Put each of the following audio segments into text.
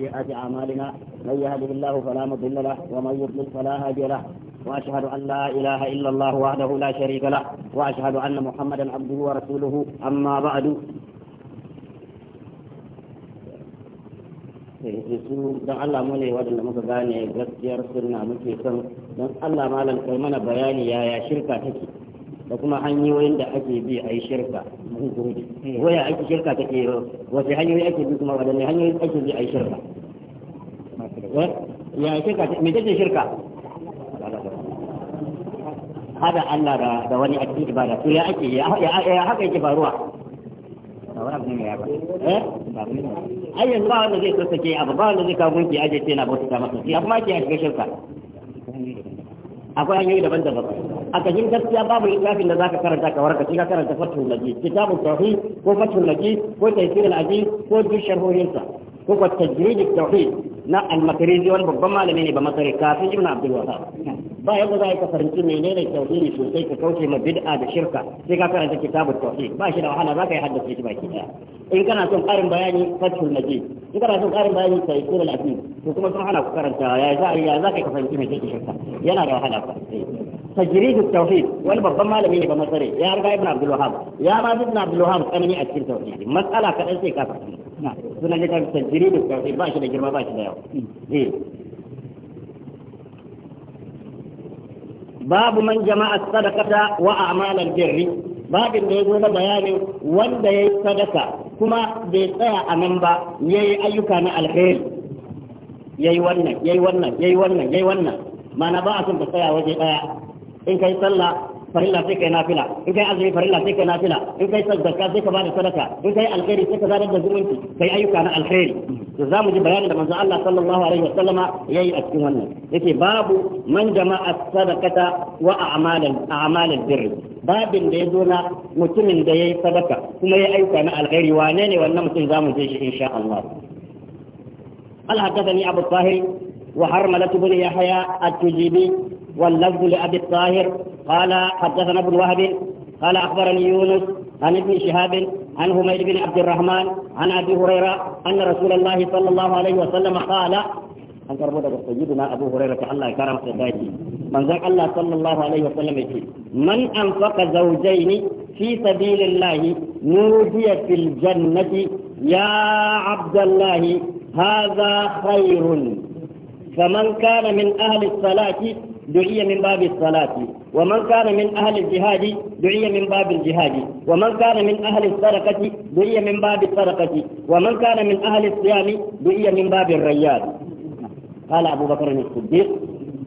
سيئات أعمالنا من يهده الله فلا مضل له ومن يضلل فلا هادي له واشهد ان لا اله الا الله وحده لا شريك له واشهد ان محمدا عبده ورسوله اما بعد su don Allah mu ne waɗanda muka gane gaskiyar sunna muke son don Allah malam kai mana bayani yaya shirka take da kuma hanyoyin da ake bi a yi shirka waya ake shirka take wace hanyoyi ake bi kuma waɗanne hanyoyi ake bi a yi shirka ya shirka me take shirka hada Allah da wani a cikin ibada to ya ake ya haka yake faruwa ba wani abu ne ya ba eh ba ne ai yanzu ba wanda zai sake abu ba wanda zai kawo gunki aje ce na bauta masa shi amma ke a cikin shirka akwai hanyoyi daban-daban a kashin gaskiya babu littafin da zaka karanta ka warka shi ka karanta fatul naji kitabun tauhid ko fatul naji ko tafsirul aziz ko duk sharhohin ko ko tajrid tauhid na almakarizi wani babban malami ne ba masare kafin ibn abdul wahab ba yadda za ka farinci menene tauhidi sosai ka kauce ma bid'a da shirka sai ka karanta kitabut tauhid ba shi da wahala za ka yi haddace shi baki daya in kana son karin bayani fatul naji in kana son karin bayani sai kula al-azim to kuma sun hana ku karanta ya za ya za ka farinci me yake shirka yana da wahala ba tajridut tauhid wani babban malami ne ba masare ya riga ibn abdul wahhab ya ma ibn abdul wahhab tsanani a cikin tauhid mas'ala kadan sai ka fahimci sunan littafin tajridut tauhid ba shi da girma ba shi da yawa babu man jama'a sadaqata wa a'malal birri babin da ya zo bayanin wanda ya yi sadaka kuma bai tsaya a nan ba ya ayyuka na alheri ya yi wannan ya wannan ya wannan ya wannan mana ba a son ta tsaya waje ɗaya in kai sallah farilla sai kai nafila in kai azumi farilla sai kai nafila in kai sadaka sai ka bada sadaka in kai alkhairi sai ka bada da zumunci kai ayyuka na alkhairi to za mu ji bayanin da manzo Allah sallallahu alaihi wasallama yayi a cikin wannan yake babu man jama'a sadaqata wa a'malan a'malan birri babin da yazo na mutumin da yayi sadaka kuma yayi ayyuka na alkhairi wane ne wannan mutum za je shi insha Allah Allah hadathani Abu Tahir وحرملة بن يحيى التجيبي واللفظ لأبي الطاهر قال حدثنا ابن وهب قال أخبرني يونس عن ابن شهاب عن هميد بن عبد الرحمن عن أبي هريرة أن رسول الله صلى الله عليه وسلم قال أن ربنا سيدنا أبو هريرة الله كرم سيداتي من ذاك الله صلى الله عليه وسلم يقول من أنفق زوجين في سبيل الله نودي في الجنة يا عبد الله هذا خير فمن كان من أهل الصلاة دعي من باب الصلاة ومن كان من أهل الجهاد دعي من باب الجهاد ومن كان من أهل السرقة دعي من باب السرقة ومن كان من أهل الصيام دعي من باب الريان قال أبو بكر الصديق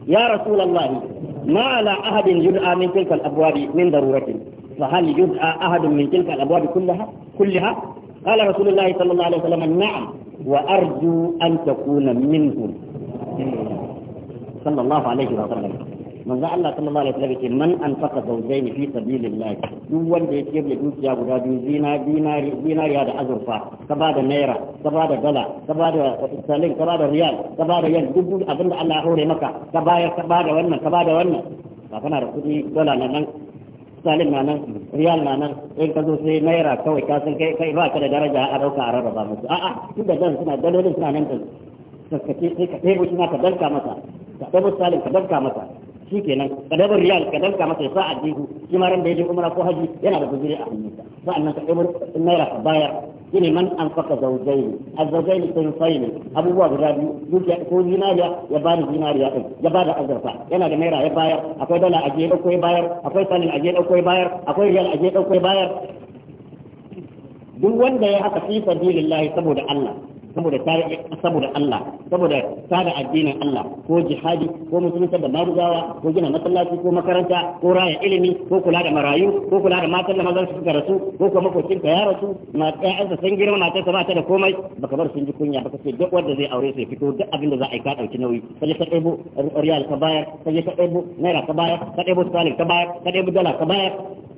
يا رسول الله ما على أحد يدعى من تلك الأبواب من ضرورة فهل يدعى أحد من تلك الأبواب كلها كلها قال رسول الله صلى الله عليه وسلم نعم وأرجو أن تكون منهم صلى الله عليه وسلم من ذا الله صلى الله عليه وسلم من أنفق زوجين في سبيل الله دول دي يجيب لك يا ابو دابي دينار دينار دينار يا ازرفا كبادة نيرا كبادة دولار كبادة استرلين كبار ريال كبادة ين دبو ابن الله هوري مكه كبادة كبادة wannan كبادة wannan فأنا kana da نمان dola na ريال salim إن nan riyal na nan in ka zo sai naira kawai ka san kai kai ba ka da daraja a dauka a kaskace sai ka ɗebo shi ma ka danka masa ka ɗebo salin ka danka masa shi kenan ka ɗebo riyal ka danka masa ya sa aljihu shi ma ran da ya je umara ko haji yana da guzuri a hannunsa sa'annan ka ɗebo naira ka bayar shine man an faka zaujaini azaujaini sun faini abubuwa guda biyu dukiya ko zinariya ya ba da zinariya din ya ba da azurfa yana da naira ya bayar akwai dala a je ɗauko ya bayar akwai salin a je ɗauko ya bayar akwai riyal a je ɗauko ya bayar duk wanda ya haka fi sabilillahi saboda Allah saboda kare saboda Allah saboda kare addinin Allah ko jihadi ko musulunta da marugawa ko gina masallaci ko makaranta ko raya ilimi ko kula da marayu ko kula da matan da mazan su suka rasu ko kuma makocin ka ya rasu ma ƴaƴansa san girma matar sa ta da komai baka bar sun ji kunya baka ce duk wanda zai aure sai fito duk abin da za a yi ka dauki nauyi sai ka ɗebo riyal ka bayar sai ka ɗebo naira ka bayar ka ɗebo salin ka bayar ka ɗebo dala ka bayar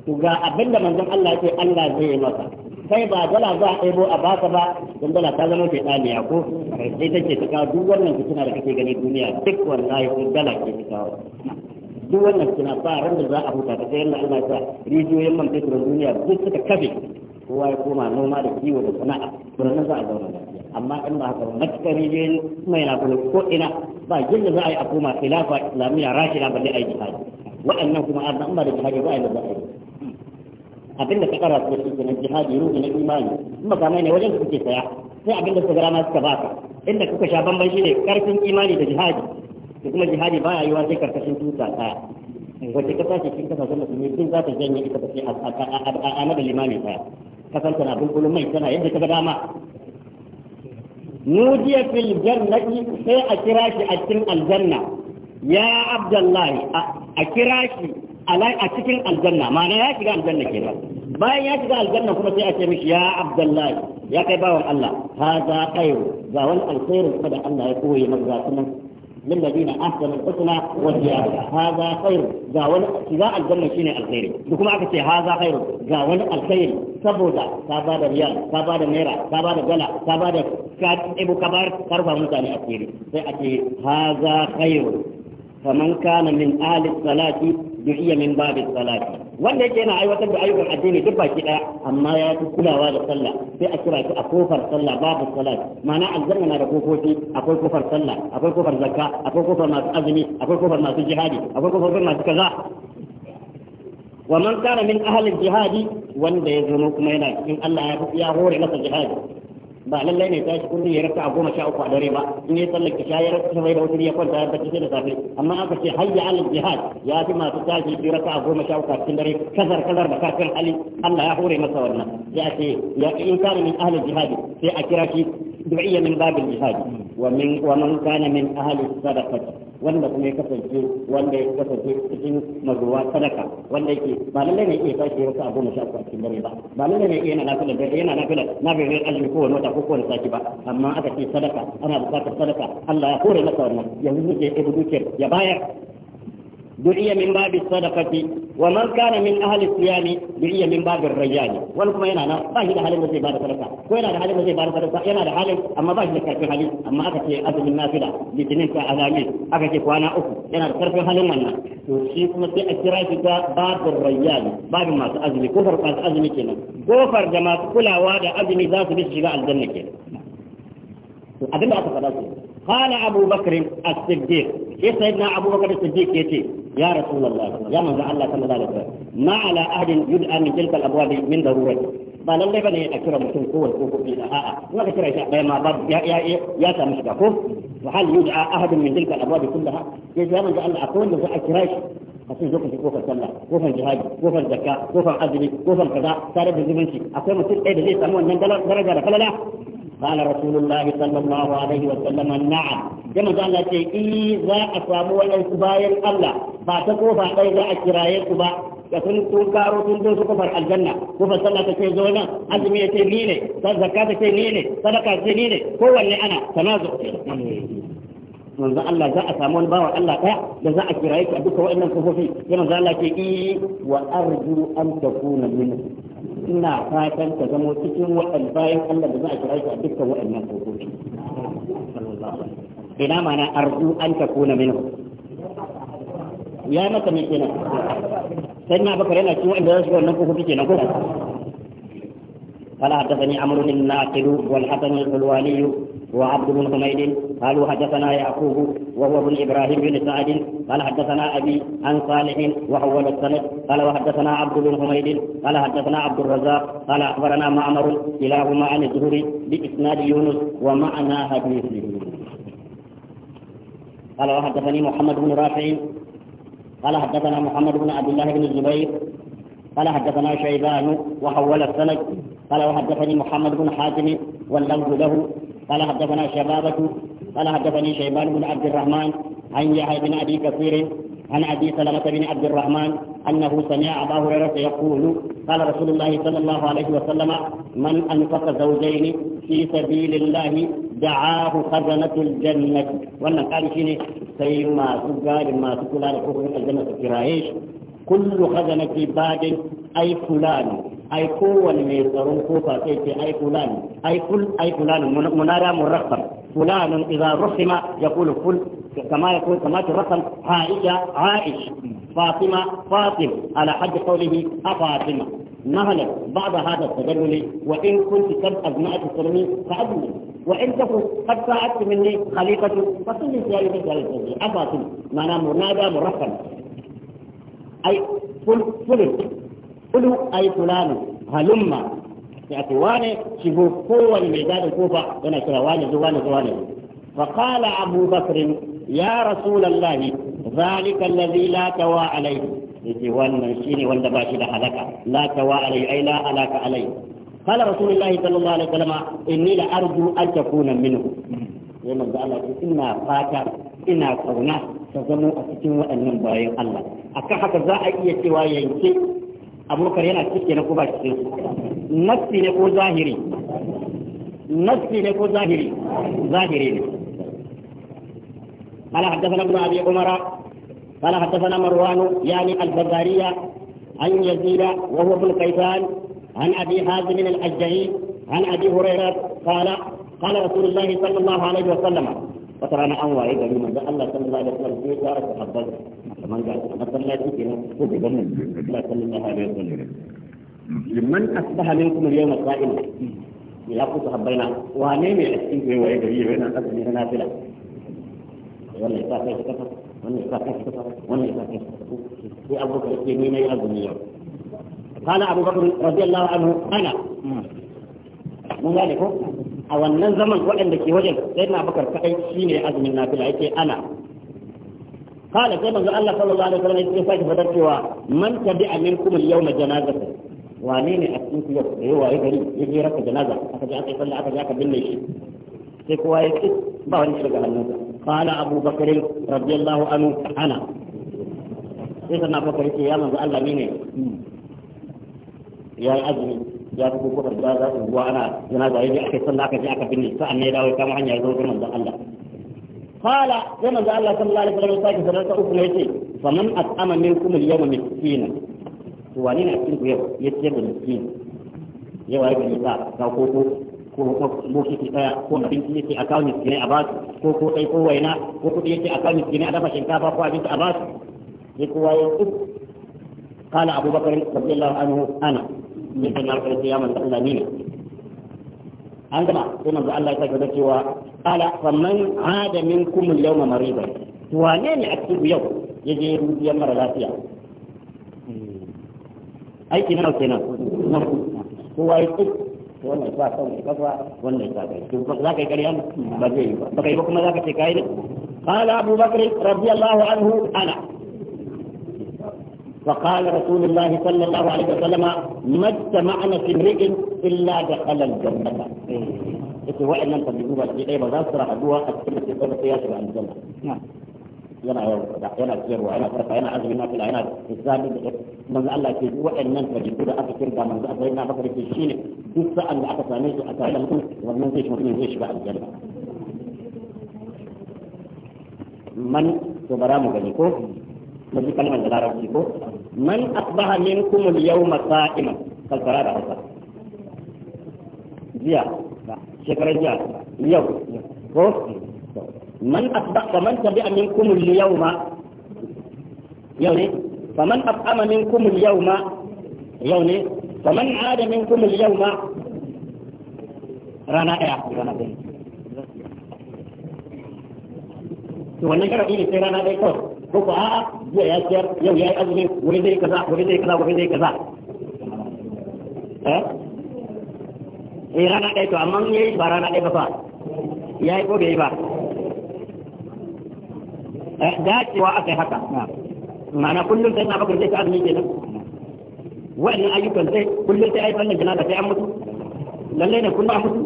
to ga abin da manzon Allah ya ce Allah zai yi masa kai ba dala za a ɗebo a baka ba don dala ta zama kai ɗaliya ko sai take ta kawo duk wannan fitina da kake gani duniya duk wallahi ko dala ke ta kawo duk wannan fitina ba ran da za a huta ta sai yalla Allah ya rijiyoyin man fetur duniya duk suka kafe kowa ya koma noma da kiwo da sana'a nan za a zauna lafiya amma in ba haka matuƙar rijiyoyin mai na ko ina ba yadda za a yi a koma ilafa islamiyya rashida balle a yi jihadi waɗannan kuma a ba da jihadi ba a yi da za a yi abin da ka kara su shi kenan jihadi ruhi na imani in makamai ne wajen da kuke saya sai abin da suka ma suka baka inda kuka sha bamban ne karfin imani da jihadi da kuma jihadi baya yiwa sai karkashin tuta ɗaya wace kasa ce kasa kasashen musulmi duk za ta janye ita ba sai a da limami ɗaya kasan tana bulbulun mai tana yadda ta ga dama nudiya fil jannati sai a kira shi a cikin aljanna ya abdullahi a kira shi a cikin aljanna ma'ana ya shiga aljanna ke ba bayan ya shiga aljanna kuma sai a ce mishi ya abdullahi ya kai bawan Allah ha za khairu ga wani alkhairu kuma da Allah ya koyi maka ga sunan للذين احسنوا الحسنى وزياده هذا خير زاول سواء الجنه شنو الخير بكم عكس هذا خير زاول الخير saboda ka ba da riyal ka ba da naira ka ba da dala ka ba da ka ibu kabar karfa mutane a tsiri sai a ce ha za khairu فمن كان من ahli الصلاة du'iya min babi salati wanda yake yana aiwatar da ayyukan addini duk baki daya amma ya fi kulawa da sallah sai a kira shi a kofar sallah babu salati ma'ana aljanna na da kofofi akwai kofar sallah akwai kofar zakka akwai kofar masu azumi akwai kofar masu jihadi akwai kofar masu kaza wa man kana min ahli jihadi wanda ya zo kuma yana in Allah ya hore masa jihadi ba lallai ne tashi kullum ya raka a goma sha uku a dare ba in ya tsallake sha ya raka sai da wutar ya kwanta ya bacci sai da safe amma aka ce hayya ala jihad ya fi masu tashi ya raka a goma sha uku a cikin dare kazar kazar da kafin ali Allah ya hore masa wannan ya ce ya in kana min ahli jihad sai a kira shi du'iyya min babil jihad wa min wa man kana min ahli sadaqati wanda kuma ya kasance wanda ya kasance cikin mazuwa sadaka wanda yake ba lallai ne ya tashi ya raka a goma sha uku a cikin dare ba ba lallai ne yana nafila yana nafila na bai rai aljihu ko wani wata hukunta ki ba amma aka ce sadaka ana bukatar sadaka Allah ya kore maka wannan yanzu zai ya bayar دعية من باب الصدقة ومن كان من أهل الصيام دعية من باب الرجال ولكم أين أنا باهي ده حالي مزي بارك رسا وين هذا حالي مزي بارك رسا أين هذا حالي أما باهي لك كرفي حالي أما أكتي أزل النافلة لتنين كأهلامين أكتي كوانا أكو أين هذا كرفي حالي منا وشيك مسي أكتراك باب الرجال باب ما تأزلي كفر قاس تأزلي كنا كفر جماعة كل عوادة أزلي ذات بس شغاء الجنة كنا أبدا حالي قال أبو بكر الصديق كيف إيه سيدنا أبو بكر الصديق يأتي يا رسول الله يا من الله صلى الله عليه وسلم ما على أحد يدعى من تلك الأبواب من ضرورة قال الله بني أكرم من قوة الكوكب إلى هاء ما كثير يا ما ضرب يا يا يا سامسك وهل يدعى أحد من تلك الأبواب كلها يا من جعل الله أقول له أكرم أصير زوجك في كوفة سلة كوفة جهاد كوفة زكاة كوفة عزلي كوفة كذا سارب الزمنشي أصير مسير أي بزيس أمون من إيه، دلال درجة فلا لا قال رسول الله صلى الله عليه وسلم نعم كما قال لك إيه ذا أصابوا أي سباية الله فاتقوا فاقيدا أكراية سباة يقول كل كارو كل دوس كفر الجنة كفر صلاة كيزونا أزمية تنيني فالزكاة تنيني صدقة تنيني هو اللي أنا تنازق من ذا الله ذا أسامون باوة الله كه جزاء كرائك أبوك وإنم كفوفي كما قال لك إيه وأرجو أن تكون منه ina fatan ka zamo cikin waɗanda bayan Allah da za a kira shi a dukkan waɗannan kokoki ina mana arzu an ta kuna minhu ya maka mai kenan sai na bakar yana cikin waɗanda za su wannan kokoki kenan ko قال حدثني عمرو بن الناقد والحسن الحلواني وعبد بن حميد قالوا حدثنا يعقوب وهو ابن ابراهيم بن سعد قال حدثنا ابي عن صالح وهو السند قال وحدثنا عبد بن حميد قال حدثنا عبد الرزاق قال اخبرنا معمر كلاهما عن الزهري باسناد يونس ومعنى حديثه قال وحدثني محمد بن رافع قال حدثنا محمد بن عبد الله بن الزبير قال حدثنا شيبان وحول السند قال وحدثني محمد بن حاتم واللفظ له قال حدثنا شبابة قال حدثني شيبان بن عبد الرحمن عن يحيى بن ابي كثير عن ابي سلمه بن عبد الرحمن انه سمع ابا هريره يقول قال رسول الله صلى الله عليه وسلم من انفق زوجين في سبيل الله دعاه خزنه الجنه wannan kali shine سيما masu ما masu kula الجنة kofin aljanna kullu khazanati badin ai fulani ai kowane mai tsaron kofa sai ce ai fulani ai kul ai fulani munada murakkab fulanin idza ruhima yaqulu kul kama yaqulu kama turqam aisha aish fatima fatim ala hadd qawlihi fatima نهلا بعد هذا التدلل وإن كنت قد أجمعت السلمي فأدلل وإن تكن قد ساعدت مني خليقة فصلي ذلك ذلك أفاتم معناه منادى مرقم أي فل فل فل أي فلان هلما يأتي شبه قوة الميدان الكوفة أنا كلا زواني زواني فقال أبو بكر يا رسول الله ذلك الذي لا توا عليه يجي وانا شيني وانا باشي لحلقة لا توا عليه أي لا ألاك عليه قال رسول الله صلى الله عليه وسلم إني لأرجو أن تكون منه sai manzo Allah ce ina fata ina kauna ta zama a cikin waɗannan bayan Allah akan haka za a iya cewa yanke abubakar yana cike na ko ba cikin nafsi ne ko zahiri ne نفسي لك ظاهري ظاهري قال حدثنا ابن ابي عمر قال حدثنا مروان يعني البزارية عن يزيد وهو ابن كيسان عن ابي حازم الاشجعي عن ابي هريره قال قال رسول الله صلى الله عليه وسلم وترانا أن واي غني من الله صلى الله عليه وسلم في دار تحبذ من قال الله لا تكينا وفي بمن لا صلى الله عليه وسلم لمن أصبح منكم اليوم صائما يا أخو تحبينا من أسكين في واي غني وين أسكين هنا فلا ولا يسافر كفر ولا يسافر كفر ولا يسافر كفر في أبو بكر السنين يأذن اليوم قال أبو بكر رضي الله عنه أنا مو ذلك a wannan zaman waɗanda ke wajen sai na bakar kaɗai shi ne azumin nafila yake ana kala sai manzo Allah sallallahu alaihi wasallam yake sake fadar cewa man tabi aminkum al-yawma janazatan wane ne a cikin yau da yawa ya gari ya je raka janaza aka je aka yi sallah aka je aka binne shi sai kowa ya ce ba wani shiga hannunsa kala Abu Bakr radiyallahu anhu ana sai sannan Bakar ce ya manzo Allah ne hmm. ya yi azumi ya fi ko da za su zuwa ana janaza da aka sanda aka je aka binne sa'an ne dawo kama hanya ya zo ga manzon Allah kala sai manzon Allah sallallahu alaihi wasallam sanar ta uku ne yace faman at'ama minkum al-yawma miskina to wani ne cikin ku yau ya ce da miskin yawa yake ne ka ko ko ko bokiti daya ko abinci yake a kawo miskinai a basu ko ko dai ko waina ko kudi yake a kawo miskinai a dafa shinkafa ko abinci a basu sai kowa ya tsuk قال أبو بكر رضي الله عنه أنا sai sai na kai ya manzo Allah ne an gama sai manzo Allah ya sake da cewa qala faman ada minkum al-yawma maridan to wane ne a cikin yau yaje rubiyar mara lafiya aiki na kenan na kowa ya wannan ba kan kafa wannan ba kai to za ka yi ƙarya ba zai yi ba ba yi ba kuma za ka ce yi ne Ala abu bakr radiyallahu anhu ana فقال رسول الله صلى الله عليه وسلم ما اجتمعنا في امرئ الا دخل الجنه إيه هو ان انت بيقول لك ايه بس اصرع ابوها قد كنت في قبل قياسه عن الجنه يلا يا ولد يلا كثير وانا فرقه انا عزم الناس الى هناك الثاني من قال لك هو ان انت بيقول لك كما من قال لنا بكره في الشيء بس ان اتفاني اتعلم ومن انت مش ممكن يعيش بعد الجنه من سبرا مغنيكو mun ji kalmar da larabci ko man asbaha minkum al-yawma sa'ima kalfara da hausa jiya shekarar jiya yau ko man asbaha man tabi'a minkum al-yawma yau ne faman asama minkum al-yawma yau ne faman ada minkum al-yawma rana ɗaya rana ɗaya to wannan karabi ne sai rana ɗaya kawai ko ko a'a jiya ya ciyar yau ya yi azumi wani zai kaza wani zai kaza wani zai kaza eh eh rana ɗaya to amma yayi ba rana ɗaya ba fa yayi ko bai yi ba eh dacewa aka yi haka ma'ana kullum sai na bakar zai ka azumi kenan wa'annan ayyukan sai kullum sai ai fannin jinaza sai an mutu lallai ne kullum an mutu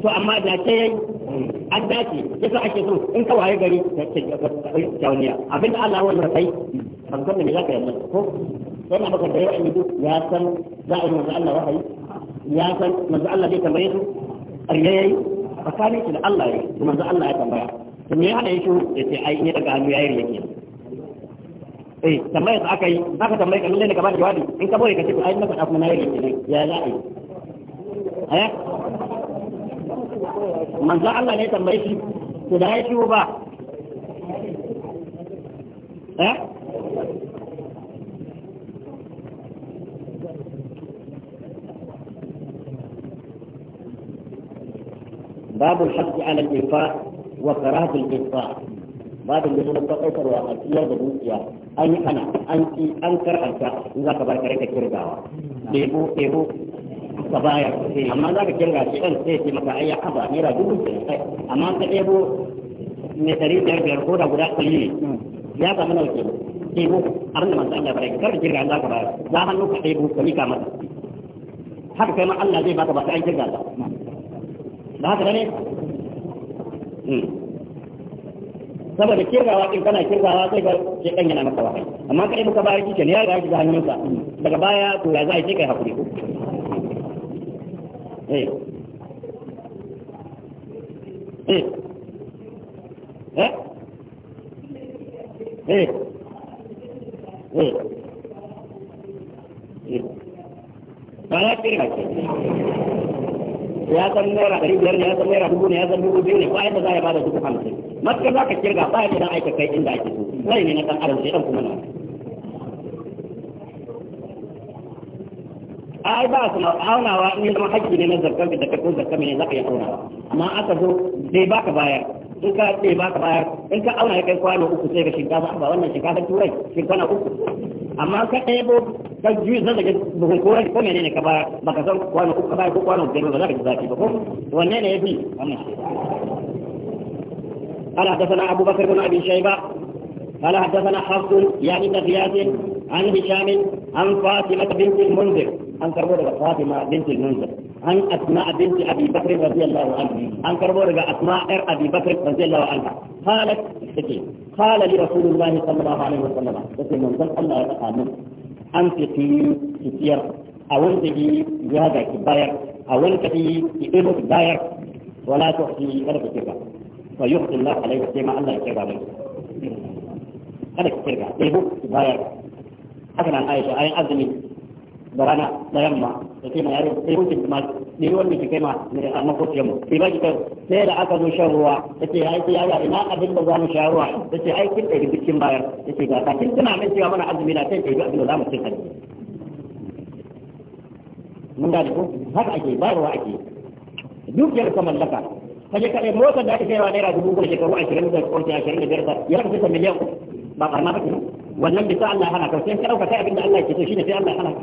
to amma da ce yayi azumi an dace yasa ake so in ka waye gari ta kyawuniya abinda Allah wani kai ban san me ka yi ko yana maka da yawa ido ya san za a yi manzo Allah wahayi ya san manzo Allah zai tambaye su ƙarya yayi tsakanin shi da Allah yayi manzo Allah ya tambaya to me ya hada shi ce ai ne daga hannu yayi yake eh tambayar da aka yi zaka tambaye kamar ne gaba da jawabi in ka bore ka ce ai na faɗa kuma na yi ne ya za a yi manzo Allah ne tambaye shi ku da ya ba eh babu haƙƙi ala kifa wa karatul kifa babu da sunan kakaitar wa a tsiyar da dukiya an yi ana an ki an karanta in za ka bar kare ka kirgawa debo debo ka bayar amma za ka kirga shi ɗan sai ce maka ai haba naira dubu ce amma ka ɗebo mai ɗari biyar biyar ko da guda ɗari ne ya samu nawa ke ɗebo abinda da manzo Allah bare kar ka kirga za ka bayar za hannu ka ɗebo ka mika masa haka kai ma Allah zai baka ba sai an kirga ba ba haka bane hmm. saboda kirgawa din kana kirgawa sai ga shi dan yana maka wahayi amma kai muka bayar kike ne ya ga hannunka daga baya to ya za a ce kai hakuri eh eh ya eh. eh. eh. ce ya san naira ɗari biyar ne ya san naira dubu ne ya san dubu biyu ne ba yadda za ya bada dubu hamsin matakar za ka kirga ba yadda za a kai inda ake so zai ne na ɗan adam sai ɗan kuma na ai ba su aunawa in ya zama hakki ne na zarkar da ka ko zarkar ne za ka yi aunawa amma aka zo bai baka bayar in ka bai baka bayar in ka auna ya kai kwano uku sai ka shinkafa ba wannan shinkafa turai shinkana uku amma ka ɗebo ka juyi zan daga buhun koren ko mene ne ka bayar baka san kwano uku ka bayar ko kwano biyar ba za ka ji zafi ba ko wanne ne ya fi wannan shi قال حدثنا أبو بكر بن أبي شيبة قال حدثنا حفص يعني ابن غياث عن هشام عن فاطمة بنت المنذر an karbo daga Fatima bintul Munzir an Asma binti Abi Bakr radiyallahu anha an karbo daga Asma yar Abi Bakr radiyallahu anha qalat take qala li Rasulullahi sallallahu alaihi wasallam take manzon Allah ya faɗa min an fiti kitiyar a wanda yi ya ga ki bayar a wanda yi ki ɗebo ki bayar wala tuhti kada ki ba fa yuhti Allah alaihi sai ma Allah ya kirga mai kada ki kirga ɗebo ki bayar haka nan Aisha ayin azumi da rana da yamma da ke ma yaro sai wuce ma ne wanda ke kai ma ne a makociyar mu sai baki kai sai da aka zo shan ruwa tace ai sai yaro ina abin da zamu sha ruwa tace ai kin dai bikin bayar tace ga ka kin tana min cewa mana azumi na sai kai abin da zamu cin hadisi mun da ko haka ake bayarwa ake dukiyar ka mallaka kaje kare motar da ake kaiwa naira dubu goma shekaru ashirin da kwanci ashirin da biyar ya rabu miliyan ba karama ba wannan bisa Allah hana ka sai ka dauka kai abin da Allah ke so shine sai Allah hana ka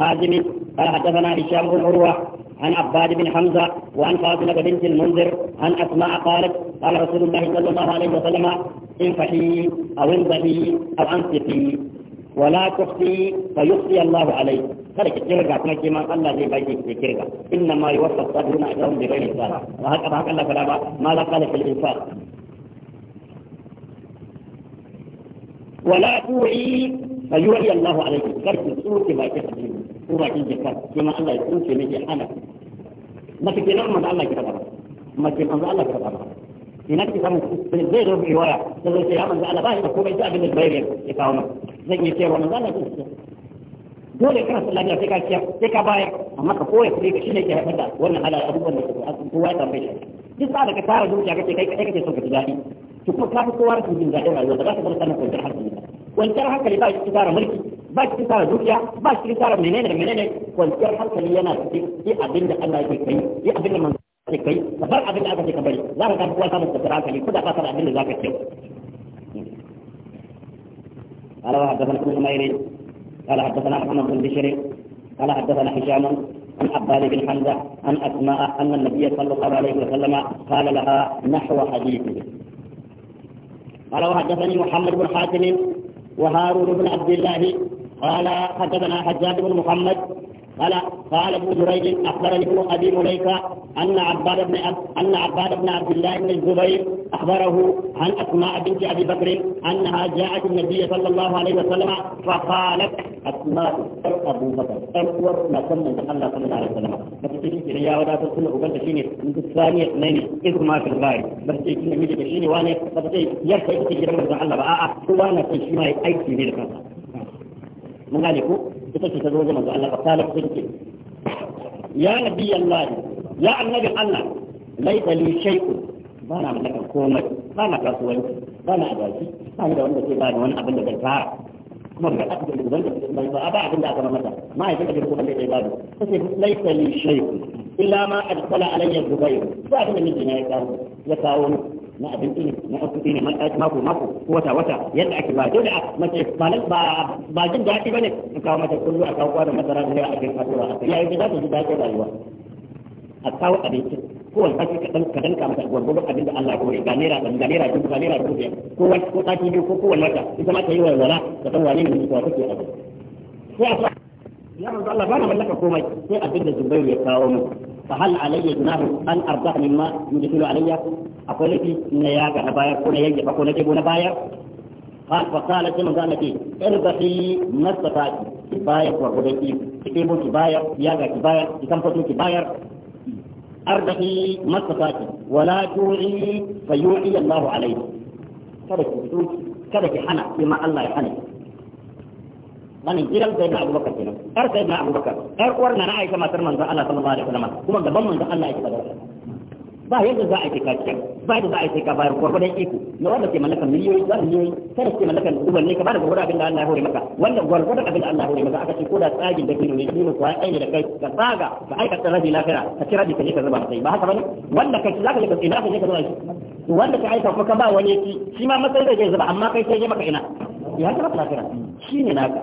هاجم قال حدثنا هشام بن عروة عن عباد بن حمزة وعن فاطمة بنت المنذر عن أسماء قالت قال رسول الله صلى الله عليه وسلم انفحي أو انبهي أو أنفقي ولا تخفي فيخفي الله عليك ذلك الكرغة كما كما قال الله في بيت الكرغة إنما يوفى الصابرون أجرهم بغير حساب وهكذا قال الله فلا ماذا قال في الإنفاق ولا توعي fa yuhi Allahu alaihi kar ki tsoke baki hadisi ko baki jikka sai ma Allah ya tsoke miki hana mace kenan manzo Allah ki faɗa ba mace manzo Allah ki faɗa ba ina ki samu zai zo bi waya sai zai ya manzo Allah ba ya komai sai abin da bai ya kawo maka zan yi cewa manzo Allah ki dole kana sallah da sai ka kiyar sai ka bayar amma ka koya sai ka shine ke haifar da wannan halal abubuwan da suke kowa ya tambaye shi duk sa da ka tara zuciya kace kai kai kace so ka ji dadi to kuma ka fi kowa rashin jin dadin rayuwa ba za ka bar sanin kwanciyar hankali kwanciyar hankali ba shi tsara mulki ba shi tsara dukiya ba shi tsara menene menene kwanciyar hankali yana cikin yi abin da Allah yake kai yi abin da manzo yake kai ka bar abin da aka ce ka bari za ka ga kowa samun kwanciyar hankali ko da ka san abin da za ka ce قال وحدثنا ابن نمير قال حدثنا محمد بن بشر قال حدثنا هشام عن عباد بن حمزه عن اسماء ان النبي صلى الله عليه وسلم قال لها نحو حديثه قال وحدثني محمد بن حاتم وهارون بن عبد الله قال حدثنا حجاج بن محمد قال قال ابن جريج اخبرني ابن ابي مليكه ان عباد بن أب... ان عباد بن عبد الله بن الزبير اخبره عن اسماء بنت ابي بكر انها جاءت النبي صلى الله عليه وسلم فقالت اسماء ابو بكر اكبر ما كان من الله صلى الله عليه وسلم بس تجيك رياضه ولا تكون وبنت شيني انت الثانيه اثنين اذ ما في الغاية بس تجي ميجي شيني وانا فتجي يرفع تجي من الله بقى وانا في شيء اي شيء من غير من تكي تزوج من الله فقالت تكي يا نبي الله يا النبي الله ليس لي شيء بانا ملك كومي بانا كاسوي بانا ادوكي بانا da wanda ke ba da wani abin da zai fara kuma da aka da zan da ba ba abin da aka mata ma ya kake ko da zai ba da sai laisa li shay'un illa ma adkhala alayya zubayr ba da miji ne ya kawo ya kawo na abin ɗin na asibiti ne mako mako ko wata wata yadda ake ba dole a mace ba ba jin daɗi bane in kawo mace kullu a kawo kwanan masara da yawa a kai kasuwa a kai yayin da za ta ji daɗin rayuwa a kawo abinci kashi kadan kadan ka mata gwargwadon abin da Allah ya kore ga naira ɗari ga naira da ga naira dubu biyar ko wani ko sati biyu ko kowane wata ita ma ta yi walwala ta san wane ne mutu wa ke abu sai a ya manzo Allah ba na mallaka komai sai abin da Zubairu ya kawo mu فهل علي جناح أن أرضى مما يدخل علي أقول لك نياك نباير كون يجب يجي بون نباير قال فقال قال لك اربحي ما استطعت كباير وقدتي كتبوا كباير ياغا كباير كتنفتوا كباير أربحي ما استطعت ولا توعي فيوعي الله عليه كذا كذا كذا كذا بما الله كذا wannan idan sai na abubakar kenan har sai na abubakar har uwar na aika matar manzo Allah sallallahu alaihi wasallam kuma gaban manzo Allah yake fadar ba yadda za a yi kake ba yadda za a yi ka bayar gwargwadon iko na wanda ke mallakar miliyoyi za miliyoyi kada ke mallakar dubanni ka bada gwargwadon abin da Allah ya hore maka wanda gwargwadon abin da Allah ya hore maka aka ce ko da tsagin da kino ne kino ko ai ne da kai ka tsaga ka aikata rabi lafiya ka ci bi ka je ka zuba sai ba haka bane wanda kai zaka je ka ina ka je ka zuba shi wanda ka aika kuma ka ba wani shi ma matsayin da zai zuba amma kai sai ya maka ina ya ka lafiya shi ne naka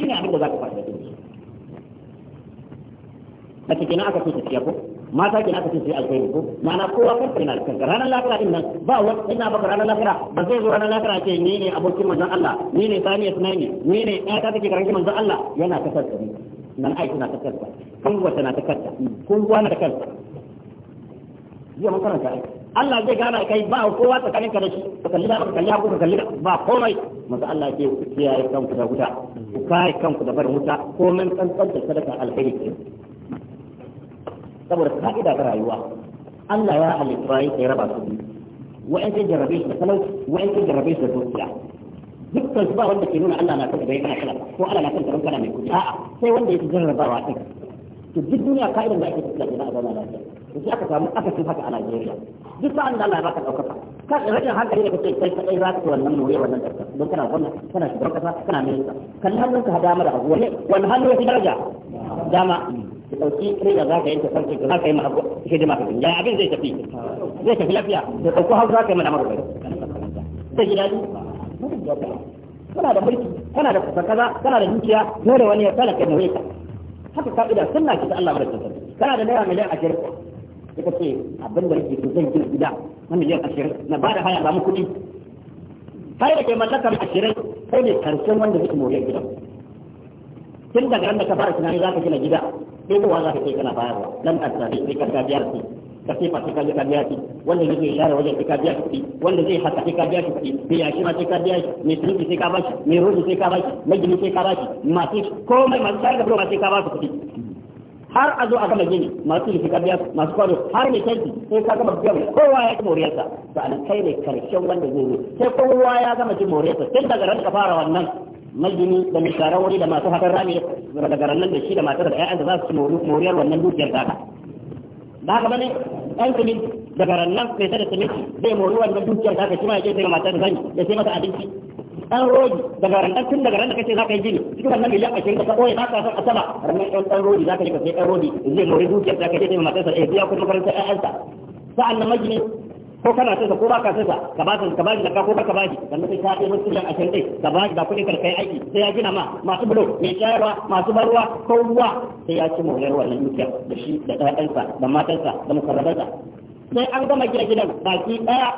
shi ne abin da za ka faɗi da su mace kenan aka ce tafiya ko mata kenan aka ce tafiya alkhairi ko ma'ana kowa kan na alkhairi ranar lafira din nan ba wani ina baka ranar lafira ba zai zo ranar lafira ce ni ne abokin manzon Allah ni ne sani ya sunani ni ne ya ta take karanki manzon Allah yana kasar ka nan aiki na kasar ka kun wata na ta kanta kun na ta kanta jiya mun aiki Allah zai gana kai ba kowa tsakaninka da shi ka kalli da ka kalli ka kalli ba komai maza Allah ya ce ku kiyaye kanku da wuta ku kare kanku da barin wuta komai tsantsan da sadaka alheri ke saboda ka'ida ta rayuwa Allah ya halitta kai raba su wa in sai jarabe shi da wa in sai jarabe shi da dukiya dukkan su ba wanda ke nuna Allah na son bai kana kala ko Allah na son ka kana mai kuɗi a'a sai wanda ya jarabawa din to duk duniya ka'idan da ake tafiya da a zauna lafiya sai aka samu akasin haka a Najeriya duk sa'an da Allah ya baka daukaka kan rajin hankali da kake kai kai za ka wannan noye wannan daukaka don kana gwamna kana shugaban kasa kana minista kan hannun ka dama da abuwa wani hannu ya fi daraja dama ki dauki rija za ka yanke farce ka za ka yi ma abu hidima ka ya abin zai tafi zai tafi lafiya da dauko hausa ka yi ma da marwai sai ji dadi kana da mulki kana da kusa kaza kana da dukiya dole wani ya tsala ka noye ka haka ka'ida sunna ki ta Allah madaukakin kana da naira miliyan ashirin suka ce abin da yake zai gina gida na miliyan ashirin na ba da haya ba mu kuɗi kai da ke mallakar ashirin kai ne karshen wanda zai more gida tun daga ran da ka fara tunani za ka gina gida sai kowa za ka kai kana bayarwa nan a tsari sai ka ga biyar ka sai fasi ka ka biya shi wanda zai share wajen sai ka biya shi kuɗi wanda zai haka sai ka biya shi kuɗi mai yashi ma sai ka biya shi mai tunji sai ka ba shi mai roji sai ka ba bashi magini sai ka ba bashi masu komai masu tsari da ma sai ka basu kuɗi har a zo a kama gini masu yi kabiya masu kwado har mai tanki sai ka gama biyan kowa ya ci moriyarsa sa'an kai ne karshen wanda zai ne sai kowa ya gama ci moriyarsa sai daga ran ka fara wannan majini da mai sharar wuri da masu hakan rami daga ran nan da shi da matar da ƴaƴan da za su ci moriyar wannan dukiyar ka ba haka bane ɗan kumin daga ran nan sai da siminti zai mori wannan dukiyar ka shi ma ya ce sai matar da zani ya sai masa abinci dan rodi daga ranar tun daga ranar kace za ka yi gini cikin wannan miliyan ashirin da ka ɓoye ba ka san a sama ranar ɗan dan rodi za ka yi ka dan ɗan rodi zai mori dukiyar da ka je mai matarsa eh biya kuɗin makarantar alta sa'an nan majini ko kana sasa ko baka sai ka ba ka ba shi da ka ko baka ba shi dan sai ka musu dan ashirin dai ka ba shi da kuɗin karkai aiki sai ya gina ma masu bulo mai shayarwa masu barwa ko ruwa sai ya ci moriyar wannan dukiya da shi da ɗayansa da matarsa da mukarrabansa sai an gama gina gidan baki ɗaya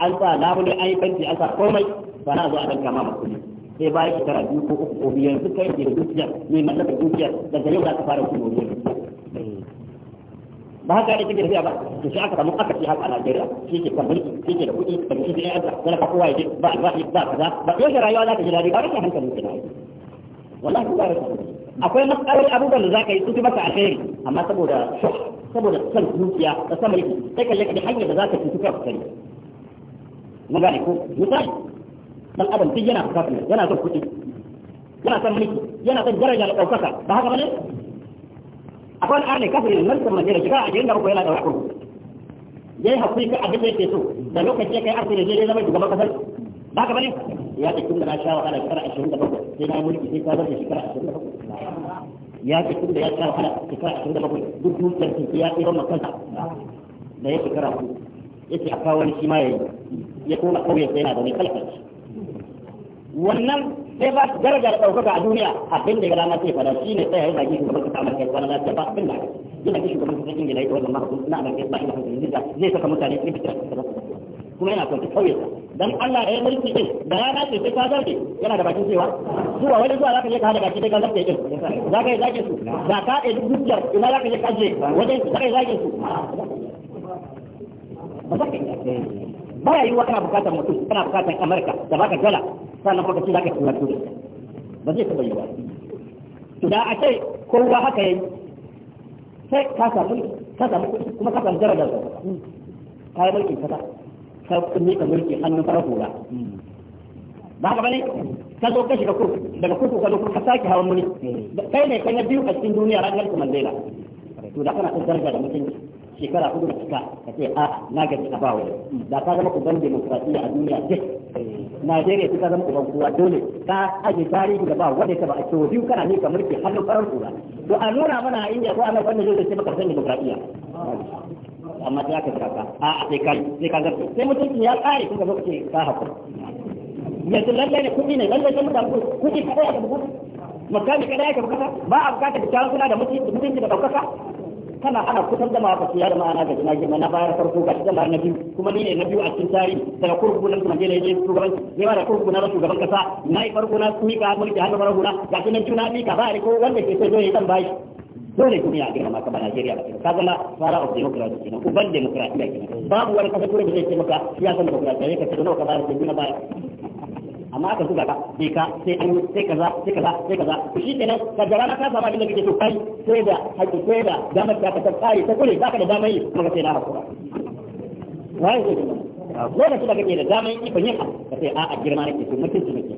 an sa labule an yi an sa komai ba na zuwa dan kama ba kuɗi sai bayan shekara biyu ko uku ko biyu yanzu kai ke da dukiya mai mallaka dukiya daga yau za ka fara kuma wani ba haka ne kike tafiya ba to sai aka samu aka ci haka a Najeriya shi ke kamar shi ke da kuɗi da shi ne aka kana kowa ya ba ba ba kaza ba yau da rayuwa za ka ji dadi ba rashin hankali ne wallahi ba rashin akwai matsalar abubuwan da za ka yi su maka alheri amma saboda saboda san dukiya da sama yake sai ka yi hanyar da za ka cutu kanka kai na gane ko misali dan adam duk yana bukatar yana son kuɗi yana son mulki yana son daraja da ɗaukaka ba haka bane akwai arne kafiri nan kuma ne da shiga a da uku yana da hakuri yayi hakuri kan abin da yake so da lokaci ya kai arne ne zai zama shugaban kasar ba haka bane ya ce tun da na sha wahala shekara ashirin da bakwai sai na mulki sai ka bar shekara ashirin da bakwai ya ce tun da ya sha wa wahala shekara ashirin da bakwai duk dukiyar sai ya tsira makansa da ya shekara ku yace a kawo wani shi ma yayi ya koma kauye sai yana da ne kalkar wannan sai ba su gargar ɗaukaka a duniya abin da ya rana ce fara shi ne sai ya yi shugaban kasa amurka ya kwanar da ba abin da aka yana shugaban kasa ingila ya wannan mahaifin na amurka ba ina hankali nisa zai saka mutane ne fitar da kasa kuma yana kwanci kauye dan Allah ya mulki din da ya dace sai ka zarge yana da bakin cewa zuwa wani zuwa zaka je ka hada baki sai ka zarge din zaka yi zage su da ka ɗaya duk dukiyar ina zaka je ka je wajen su yi zage su ba ba yi wa kana bukatar mutum kana bukatar Amurka da baka dala sannan kuma shi zaka da shi ba zai taba yi ba idan a ce kowa haka yayi sai ka samu ka samu kuma ka samu daraja ka yi mulki kaza ka kunne ka mulki hannun fara hura ba ka bane ka zo ka shiga kurku daga kurku ka zo ka saki hawan muni kai ne kai na biyu a cikin duniya ran kuma Mandela to da kana kan daraja da mutunci shekara hudu da cika ka ce a na gaji a bawa da ka zama ku bande demokradiyya a duniya ce Najeriya ta zama uban kowa dole ta aje tarihi da ba wanda ta ba a cewa biyu kana ne ka mulki hannun farar kura to a nuna mana a India ko a nan wannan zai ce maka san demokradiya amma ta ka zaka a a sai kai sai ka zarta sai mutum ya kare kuma zo kace ka hakuri yanzu lallai ne kuɗi ne lallai sai mutum kuɗi kada ya buƙata makami kada ya buƙata ba a buƙata da kyan suna da mutunci da ɗaukaka kana ana kusan da ka siya da ma'ana ga jina girma na bayar farko ga shiga na biyu kuma ni ne na biyu a cikin tarihi daga kurkuku na kuma gina yake shugaban ne ma da kurkuku na shugaban kasa na yi farko na mika mulki hannu mara hula ga shi na biyu na mika ba ko wanda ke sai zo ya zan bashi dole duniya a girma maka ba Najeriya ba ka zama fara of democracy kenan uban democracy kenan babu wani kasa kure da zai ce maka ya san democracy ne ka ce nawa ka bayar ke juna bayar amma aka buga ba sai ka sai an yi sai kaza sai kaza sai kaza to shi kenan ka ga na ka ba abin da kake so kai sai da haƙi sai da damar ka ta tsare ta kule zaka da dama yi kuma sai na hakura wai ko lokacin da kake da dama yi ban yin ka sai a a girma nake so ki nake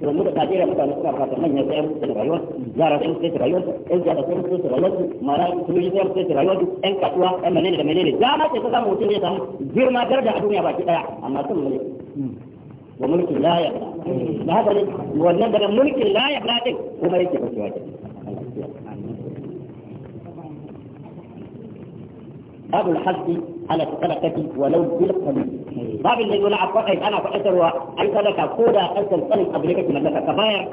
idan muka ta da mutane suna fata manyan sai musu da rayuwar yara sai rayuwa da rayuwar yan jada sai musu da rayuwar mara su yi sai musu rayuwa rayuwar yan kasuwa yan menene da menene dama sai ka samu mutum ya samu girma garda a duniya baki daya amma sun ne وملك لا يبلى لا هو نبر ملك لا يبلى دك وملك بس باب الحسن على الطلقة ولو بالقليل باب اللي يقول لعب وقف أنا فأسر وأنت لك قولا أنت الطلق قبل لك من لك كباير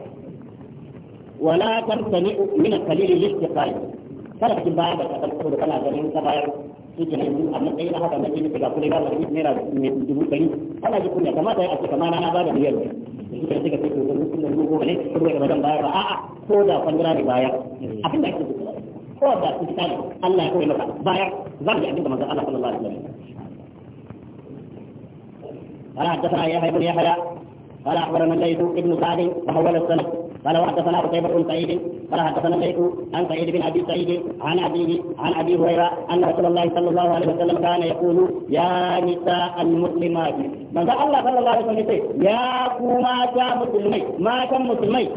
ولا تمتنئ من القليل للتقائل kana cikin baya da kasar saboda kana ganin ka bayar su ke nan a matsayin na haka matsayin da kuma ba da kuma naira dubu ɗari kana ji kunya kamata ya ake kamar na ba da biyar ne da shi ka ce ko kuma kullum dubu ne ko da kamar bayar ba a'a ko da kwandira ne bayar abin da ake ko da su tsaya Allah ya koyi maka bayar zan yi abin da manzon Allah sallallahu alaihi wasallam قال حدثنا يحيى بن يحيى قال اخبرنا الليث بن سعد وحول السند قال وحدثنا قتيبة بن سعيد قال حدثنا الليث عن سعيد بن ابي سعيد عن ابيه عن ابي هريره ان رسول الله صلى الله عليه وسلم كان يقول يا نساء المسلمات من الله صلى الله عليه وسلم يا كما مسلمي ما كان مسلمي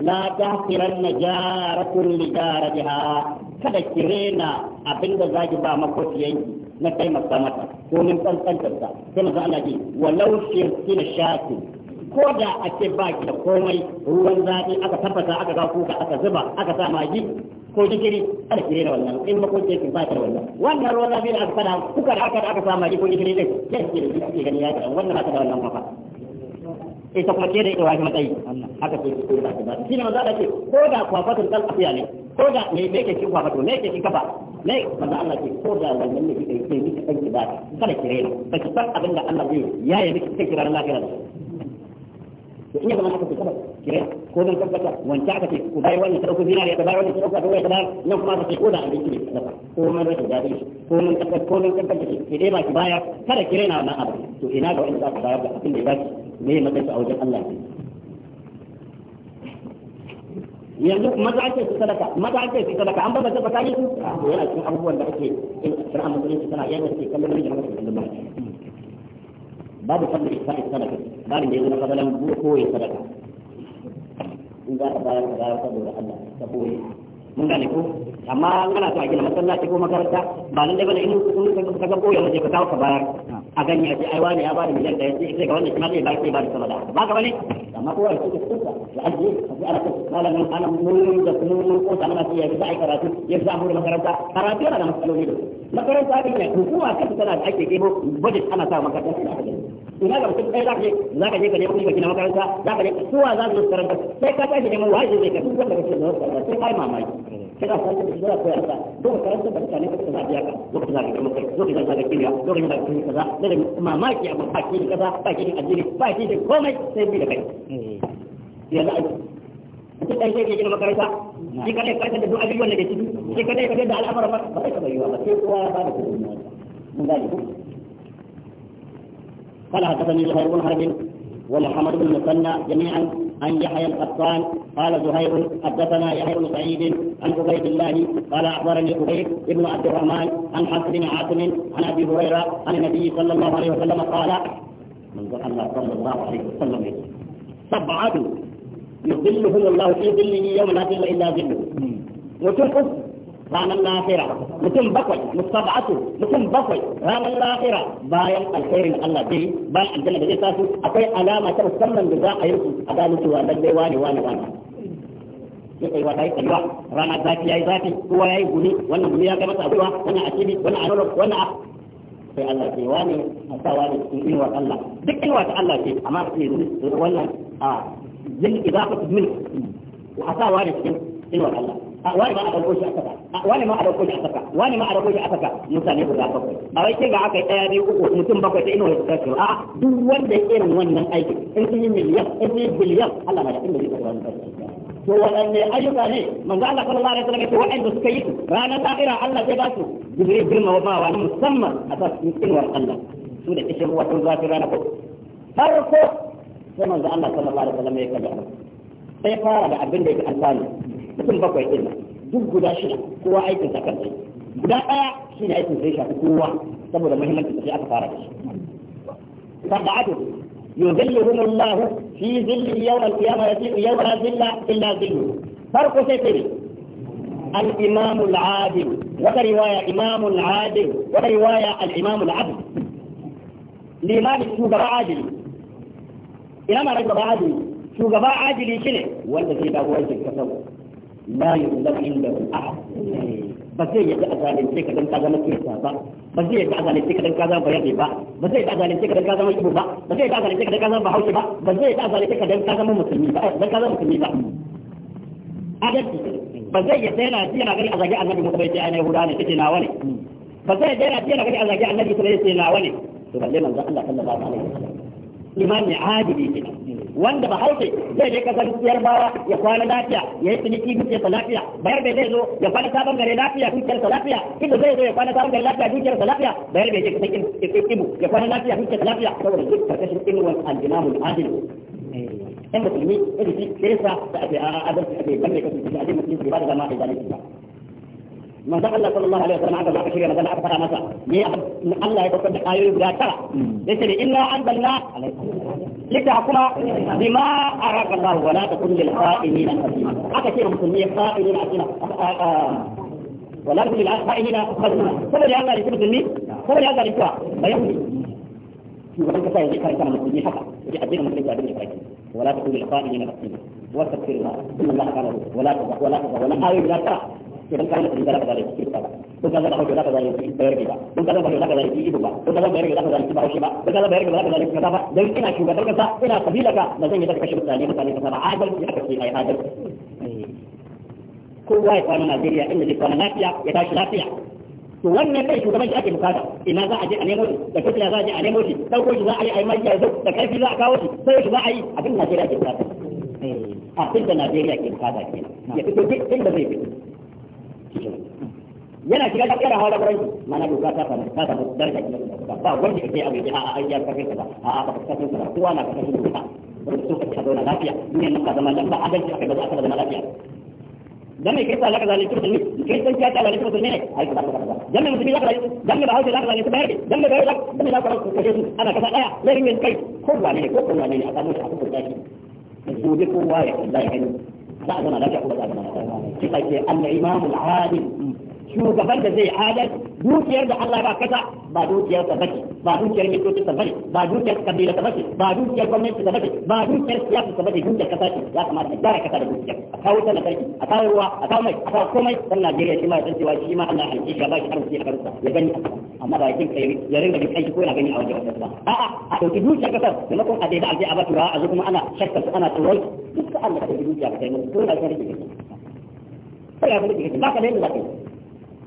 لا تحقرن جارة لجارتها kada ki rena abin da zaki ba ومن na taimaka mata ko min tsantsantar ta ko da a ce ba ki da komai ruwan zafi aka tabbata aka ga kuka aka zuba aka sa magi ko jikiri kada ki rena wannan in mako ce ki ba ki da wannan wannan ruwan zafi da aka fada kuka da aka da aka sa magi ko jikiri din sai ki da ki gani ya ta wannan aka da wannan kafa ita kuma ke da ita wani matsayi haka ce ki ba ki ba shi ne maza da ke ko da kwafatun dan afiya ne ko da me me ke ki kwafatu me ke ki kafa ne maza Allah ke ko da wannan ne kike kai ki ba kada ki rena ba ki san abin da Allah zai yaya miki kira ranar lafiya to in ya zama haka ku saba kira ko dan tabbata wancan aka ce ku bayar wannan sadauko zinariya ka bayar wannan sadauko ka bayar ka bayar nan kuma aka ce ko da abinci ne dafa ko man rashin dadin shi ko man tabbata ko man tabbata ce ki dai ba ki baya kada kire na wannan abu to ina ga wanda za ku bayar da abin da ya baki me matsayin a wajen Allah ne yanzu maza ake su sadaka maza ake su sadaka an babata tsakanin su yana cikin abubuwan da ake shir'a musulunci tana yana cikin kallon da jama'a da kallon babu fadli ifadi sadaka babin da ya zama fadalan koyi sadaka in za ka bayar ka bayar saboda Allah ta koyi mun gane ko amma an gana so a gina masallaci ko makaranta ba nan dai bane in kun ka ga koyi waje ka kawo ka bayar a gani a ce ai wani ya bada miliyan ɗaya sai ga wannan kimanin ba sai ba da sabada ba ka bane amma ko wani ce kuka ya ajiye a ce ana kan nan ana mun da kuma mun ko ta mana sai ya karatu ya fi mu da makaranta karatu yana da matsaloli da makaranta ne hukuma kanta tana da ake gebo budget ana sa makaranta da aka gani ina ga mutum kai zaka je zaka je ka nemi kuɗi ka gina makaranta zaka je kowa za karanta sai ka tashi neman waje zai ka duk wanda kake da wasu sai kai mamaki kina san da shi ko yarda to karanta da mutane ka za ka lokacin da kake kai lokacin da kake kiriya lokacin da kake kaza da mamaki amma ba ki kaza ba ki addini ba ki komai sai bi da kai yanzu a duk ɗan shi ke gina makaranta shi kadai karanta da duk abubuwan da ke ciki shi da al'amuran ba ba sai kowa ba da kuɗi mun gane قال حدثني زهير بن حرب ومحمد بن مثنى جميعا عن يحيى القطان قال زهير حدثنا يحيى بن سعيد عن عبيد الله قال اخبرني عبيد بن عبد الرحمن عن حفص بن عاصم عن ابي هريره عن النبي صلى الله عليه وسلم قال من الله صلى الله عليه وسلم سبعه يظلهم الله في ظله يوم لا ظل الا ظله وتنقص ranar lahira mutum bakwai musabatu mutum bakwai ranar lahira bayan alkhairin Allah bai bayan aljanna da zai tasu akwai alama ta musamman da za a yi su a gano cewa lallai wane wane wane ya kai wata yi kalwa rana zafi yayi zafi kowa yayi guni wannan guni ya kai masa ruwa wannan asibi wannan arolo wannan sai Allah ce wane a sa wane cikin inuwar Allah duk inuwar ta Allah ce amma ce wannan a yin idafatu min a sa wane cikin inuwar Allah wani ba a dauko shi aka ba wani ma a dauko shi aka ba wani ma a dauko shi aka ba mutane guda bakwai ba wai sai ga aka yi daya biyu uku mutum bakwai ta inuwa ta kiro a duk wanda irin wannan aiki in sun yi miliyan in sun yi biliyan Allah na da inda zai karɓi wannan to waɗanne ayyuka ne manzo Allah sallallahu alaihi wasallam ya ce waɗanda suka yi ranar ta'ira Allah zai ba su jibril girma wa bawa musamman a ta cikin wa Allah su da kishin ruwa sun zafi ranar farko sai manzo Allah sallallahu alaihi wasallam ya kaga sai fara da abin da yake alfanu mutum bakwai ɗin duk guda shida kowa aikin sa kan guda ɗaya shi ne aikin sai shafi kowa saboda muhimmanci sai aka fara da shi sab'atu yuzilluhum Allah fi zilli yawm al-qiyamah yawm la zilla illa zilluhu farko sai sai الإمام العادل وكرواية إمام العادل وكرواية الإمام العبد لإمام الشوغباء عادل إمام الرجل عادل shugaba adili shi ne wanda zai dawo aikin kasar la yuzlam inda ahad ba zai yadda a zalunce ka dan zama ba ba zai yadda a zalunce ka dan zama ba ba zai yadda a zalunce ka dan ka zama ba ba zai yadda a zalunce ka dan ka zama ba ba zai yadda a zalunce ka dan ka zama musulmi ba ka zama ba adalci ba zai yadda yana ji yana gani a ta annabi musa bai ce yi na yahuda ne kace nawa ne ba zai yadda yana ji yana gani a zage annabi musa bai ce nawa ne to balle manzo Allah sallallahu alaihi wasallam wanda ba hauke zai je kasar dukiyar bawa ya kwana lafiya ya yi ciniki dukiyarsa lafiya bayar bai zai zo ya kwana sabon gare lafiya dukiyarsa lafiya inda zai zo ya kwana sabon gare lafiya dukiyarsa lafiya bayar bai je kasar ibu ya kwana lafiya dukiyarsa lafiya saboda duk karkashin ilmin aljinahul adil yan musulmi irin shi sai sa da ake a adalci ake bane kasance a jin musulmi ba da zama a zalunci ba manzo Allah sallallahu alaihi wasallam aka baka shirya magana aka fara masa ne Allah ya kokar da ayoyi guda tara yace ne illa anzalna lita kuma bima araka Allah wa la takun lil qa'imin aka ce musulmi qa'imin asina wala takun lil qa'imin khazina saboda Allah ya musulmi saboda Allah ya kuwa bayani shugaban kasa ya je karanta musulmi haka ya addinin musulmi ya addinin kake wala takun lil qa'imin khazina واستغفر الله ان الله كان ولا تضع ولا تضع ولا آية لا ترى idan ka yi kuɗi za ka zare ki ba ko ka zaba hauke za ka zare ki bayar ba ko ka zaba hauke za ka zare ki ido ba ko ka zaba bayar za ka zare ki bahaushe ba ko ka zaba bayar za ka zare ki kaza ba dan ina shugaban kasa ina kabila ka ba zan yi daga kashe mutane mutane kasa ba adalci haka sai ai adalci kowa ya kwana Najeriya inda zai kwana lafiya ya tashi lafiya to wannan kai shugaban shi ake bukata ina za a je a nemo shi da kuma za a je a nemo shi dauko shi za a yi a yi mai yanzu da karfi za a kawo shi sai shi za a yi abin Najeriya ke bukata abin da Najeriya ke bukata kenan ya fito duk inda zai fito yana shiga da kira hawa gurin mana doka ta fara ta ta daraja ta ba wanda yake abu ya a ayyar kafin ka a a ka kafin ka kowa na kafin doka wanda so ka zauna lafiya ne nan ka zama lafiya adalci aka gaza aka zama lafiya dan ne kai sa laka zalunci mutum kai san kiya ta zalunci mutum ne ai ka zaka dan ne mutum zaka zalunci dan ne ba hausa zaka zalunci bayar dan ne bayar dan ne zaka kashe su ana kasa daya laifin kai ko wane ne ko wane ne a samu shi a kuka shi gobe kowa ya Allah ya بعد ما رجعوا بعد ما الإمام العادل shugaban da zai adal dukiyar da Allah ba kasa ba dukiyar ka bace ba dukiyar mitoci ka bace ba dukiyar kabila ka bace ba dukiyar gwamnati ka bace ba dukiyar siyasa ka bace dukiyar kasa ce ya kamata ka gyara kasa da dukiyar a kawo ta lantarki a kawo ruwa a kawo mai a kawo komai dan Najeriya shi ma ya san cewa shi ma Allah ya halice shi ba shi arziki a karsa ya gani amma ba yakin kai ya rinka bin aiki ko yana gani a wajen wata ba a'a a dauki dukiyar kasar maimakon a daida alje a ba turawa a zo kuma ana shakkar su ana tsoron duk sa'an da ka dauki dukiya ka kai musu tun da ka rike ba ka da yadda za ka yi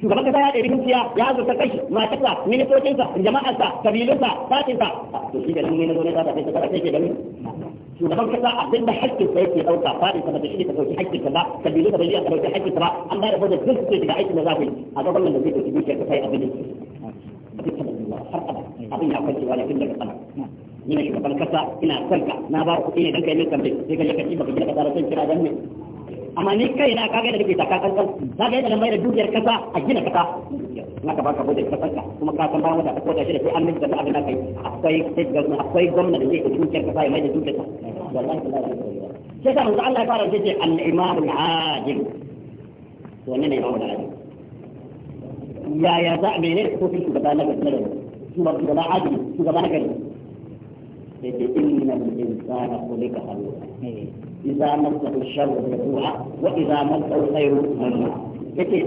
shugaban kasa ya ɗari dukiya ya azurta kashi matarsa ministocinsa jama'arsa kabilunsa fatinsa to shi da ne na zo ne za ta kai ta kai ke gani shugaban kasa abin da hakkin sa yake dauka fadin sa ba shi ka dauki hakkin sa ba kabilu ka bai ka dauki hakkin sa ba an ba da bada duk sai daga aikin da za ku yi a gaban nan da zai dauki dukiyar ka sai abin da har abada abin ya kwanci wani tun daga sama ni ne shugaban kasa ina son ka na ba ku ne dan kai ne kamar sai ka je ka ci baka je ka tsara son kira dan ne amma ni kai na kaga da kake ta taka kankan kaga yadda mai da dukiyar kasa a gina kasa na ka baka bude kasa ka kuma ka san ba mu da ka kota shi da sai an da abin da kai akwai state government akwai gwamnati da zai dukiyar kasa mai da dukiyar kasa wallahi sai ka manzo Allah ya fara jeje al-imam al-adil to ne ne ba da adil ya ya za menene ko shugaba na gari shugaba adil shugaba na gari إن الإنسان خلق هلوعا إيه. إذا مسه الشر جزوعا وإذا مسه الخير منوعا لكن